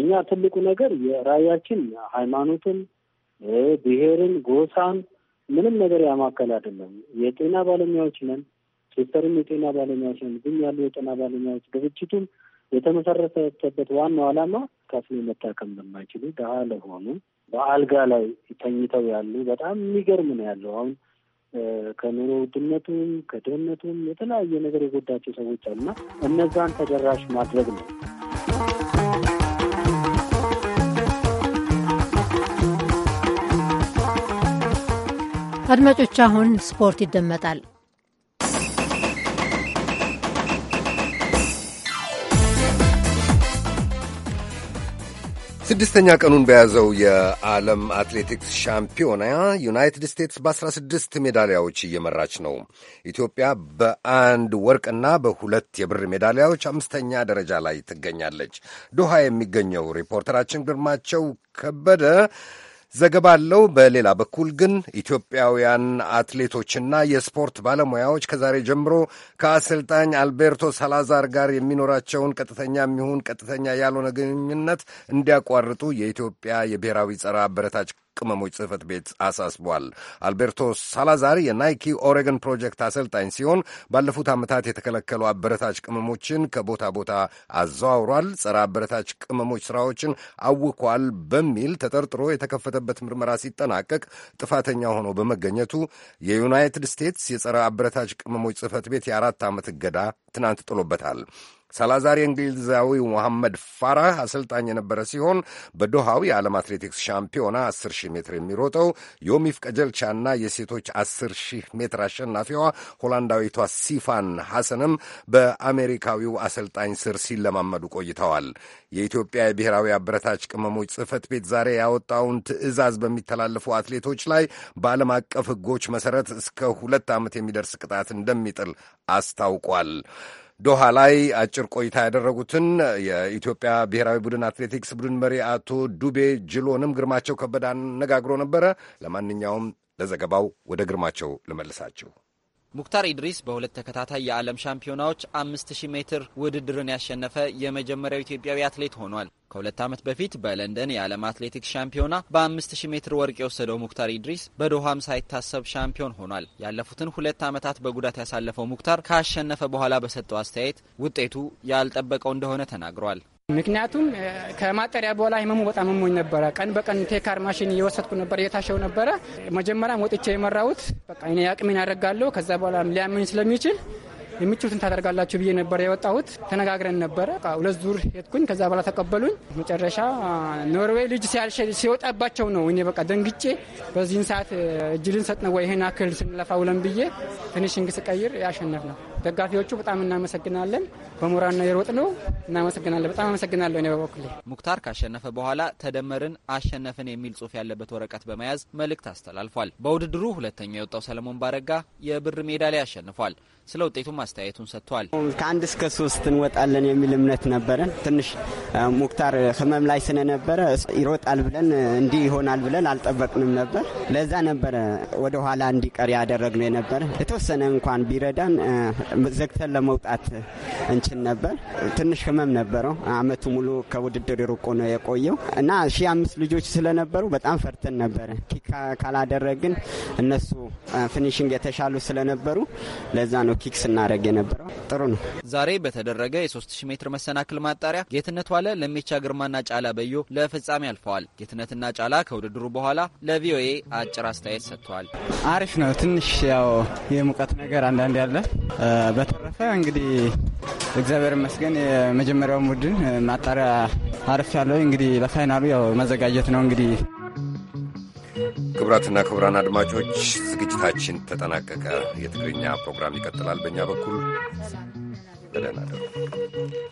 N: እኛ ትልቁ ነገር የራያችን ሃይማኖትን፣ ብሔርን፣ ጎሳን ምንም ነገር ያማከል አይደለም። የጤና ባለሙያዎች ነን። ሴክተርም የጤና ባለሙያዎች ነን። ግን ያሉ የጤና ባለሙያዎች ድርጅቱም የተመሰረተበት ዋናው ዓላማ ከፍሎ መታከም በማይችሉ ድሀ ለሆኑ በአልጋ ላይ ተኝተው ያሉ በጣም የሚገርም ነው ያለው። አሁን ከኑሮ ውድነቱም ከድህነቱም የተለያየ ነገር የጎዳቸው ሰዎች አሉና እነዛን ተደራሽ ማድረግ ነው።
C: አድማጮች፣ አሁን ስፖርት ይደመጣል።
E: ስድስተኛ ቀኑን በያዘው የዓለም አትሌቲክስ ሻምፒዮና ዩናይትድ ስቴትስ በ16 ሜዳሊያዎች እየመራች ነው። ኢትዮጵያ በአንድ ወርቅና በሁለት የብር ሜዳሊያዎች አምስተኛ ደረጃ ላይ ትገኛለች። ዶሃ የሚገኘው ሪፖርተራችን ግርማቸው ከበደ ዘገባ አለው። በሌላ በኩል ግን ኢትዮጵያውያን አትሌቶችና የስፖርት ባለሙያዎች ከዛሬ ጀምሮ ከአሰልጣኝ አልቤርቶ ሳላዛር ጋር የሚኖራቸውን ቀጥተኛ የሚሆን ቀጥተኛ ያልሆነ ግንኙነት እንዲያቋርጡ የኢትዮጵያ የብሔራዊ ጸረ አበረታች ቅመሞች ጽህፈት ቤት አሳስቧል። አልቤርቶ ሳላዛር የናይኪ ኦሬገን ፕሮጀክት አሰልጣኝ ሲሆን ባለፉት ዓመታት የተከለከሉ አበረታች ቅመሞችን ከቦታ ቦታ አዘዋውሯል፣ ጸረ አበረታች ቅመሞች ስራዎችን አውኳል በሚል ተጠርጥሮ የተከፈተበት ምርመራ ሲጠናቀቅ ጥፋተኛ ሆኖ በመገኘቱ የዩናይትድ ስቴትስ የጸረ አበረታች ቅመሞች ጽህፈት ቤት የአራት ዓመት እገዳ ትናንት ጥሎበታል። ሳላዛር እንግሊዛዊ መሐመድ ፋራህ አሰልጣኝ የነበረ ሲሆን በዶሃው የዓለም አትሌቲክስ ሻምፒዮና 10 ሺህ ሜትር የሚሮጠው ዮሚፍ ቀጀልቻና የሴቶች 10 ሺህ ሜትር አሸናፊዋ ሆላንዳዊቷ ሲፋን ሐሰንም በአሜሪካዊው አሰልጣኝ ስር ሲለማመዱ ቆይተዋል። የኢትዮጵያ የብሔራዊ አበረታች ቅመሞች ጽፈት ቤት ዛሬ ያወጣውን ትዕዛዝ በሚተላለፉ አትሌቶች ላይ በዓለም አቀፍ ሕጎች መሠረት እስከ ሁለት ዓመት የሚደርስ ቅጣት እንደሚጥል አስታውቋል። ዶሃ ላይ አጭር ቆይታ ያደረጉትን የኢትዮጵያ ብሔራዊ ቡድን አትሌቲክስ ቡድን መሪ አቶ ዱቤ ጅሎንም ግርማቸው ከበደ አነጋግሮ ነበረ። ለማንኛውም ለዘገባው ወደ ግርማቸው ልመልሳችሁ።
O: ሙክታር ኢድሪስ በሁለት ተከታታይ የዓለም ሻምፒዮናዎች 5000 ሜትር ውድድርን ያሸነፈ የመጀመሪያው ኢትዮጵያዊ አትሌት ሆኗል። ከሁለት ዓመት በፊት በለንደን የዓለም አትሌቲክስ ሻምፒዮና በ5000 ሜትር ወርቅ የወሰደው ሙክታር ኢድሪስ በዶሃም ሳይታሰብ ሻምፒዮን ሆኗል። ያለፉትን ሁለት ዓመታት በጉዳት ያሳለፈው ሙክታር ካሸነፈ በኋላ በሰጠው አስተያየት ውጤቱ ያልጠበቀው እንደሆነ ተናግሯል። ምክንያቱም ከማጠሪያ በኋላ ህመሙ በጣም ሞኝ ነበረ። ቀን በቀን ቴካር ማሽን እየወሰድኩ ነበር፣ እየታሸው ነበረ። መጀመሪያም ወጥቼ የመራሁት በቃ እኔ አቅሜን ያደርጋለሁ፣ ከዛ በኋላ ሊያመኝ ስለሚችል የምችሉትን ታደርጋላችሁ ብዬ ነበር የወጣሁት። ተነጋግረን ነበረ። ሁለት ዙር ሄድኩኝ፣ ከዛ በኋላ ተቀበሉኝ። መጨረሻ ኖርዌይ ልጅ ሲወጣባቸው ነው እኔ በቃ ደንግጬ፣ በዚህን ሰዓት እጅ ልንሰጥ ነው ወይ ይህን አክል ስንለፋ ውለን ብዬ ትንሽ እንግስቀይር ያሸነፍ ነው ደጋፊዎቹ በጣም እናመሰግናለን። በሞራል ነው የሮጥ ነው። እናመሰግናለን። በጣም አመሰግናለሁ። እኔ በበኩሌ ሙክታር ካሸነፈ በኋላ ተደመርን አሸነፍን የሚል ጽሁፍ ያለበት ወረቀት በመያዝ መልእክት አስተላልፏል። በውድድሩ ሁለተኛ የወጣው ሰለሞን ባረጋ የብር ሜዳሊያ አሸንፏል። ስለ ውጤቱም አስተያየቱን ሰጥቷል። ከአንድ እስከ ሶስት እንወጣለን የሚል እምነት ነበረን። ትንሽ ሙክታር ህመም ላይ ስለነበረ ይሮጣል ብለን እንዲህ ይሆናል ብለን አልጠበቅንም ነበር። ለዛ ነበረ ወደ ኋላ እንዲቀር ያደረግነው የነበረ የተወሰነ እንኳን ቢረዳን ዘግተን ለመውጣት እንችል ነበር። ትንሽ ህመም ነበረው። አመቱ ሙሉ ከውድድር ሩቆ ነው የቆየው እና ሺ አምስት ልጆች ስለነበሩ በጣም ፈርተን ነበረ። ኪክ ካላደረግን እነሱ ፊኒሽንግ የተሻሉ ስለነበሩ ለዛ ነው ኪክ ስናደረግ የነበረው። ጥሩ ነው። ዛሬ በተደረገ የ3000 ሜትር መሰናክል ማጣሪያ ጌትነት ዋለ፣ ለሜቻ ግርማና ጫላ በዮ ለፍጻሜ አልፈዋል። ጌትነትና ጫላ ከውድድሩ በኋላ ለቪኦኤ አጭር አስተያየት ሰጥተዋል። አሪፍ ነው። ትንሽ ያው የሙቀት ነገር አንዳንድ ያለ በተረፈ እንግዲህ እግዚአብሔር ይመስገን የመጀመሪያውን ቡድን ማጣሪያ አርፍ ያለው እንግዲህ ለፋይናሉ ያው መዘጋጀት ነው እንግዲህ
E: ክቡራትና ክቡራን አድማጮች ዝግጅታችን ተጠናቀቀ። የትግርኛ ፕሮግራም ይቀጥላል። በእኛ በኩል በደህና
A: ደሩ።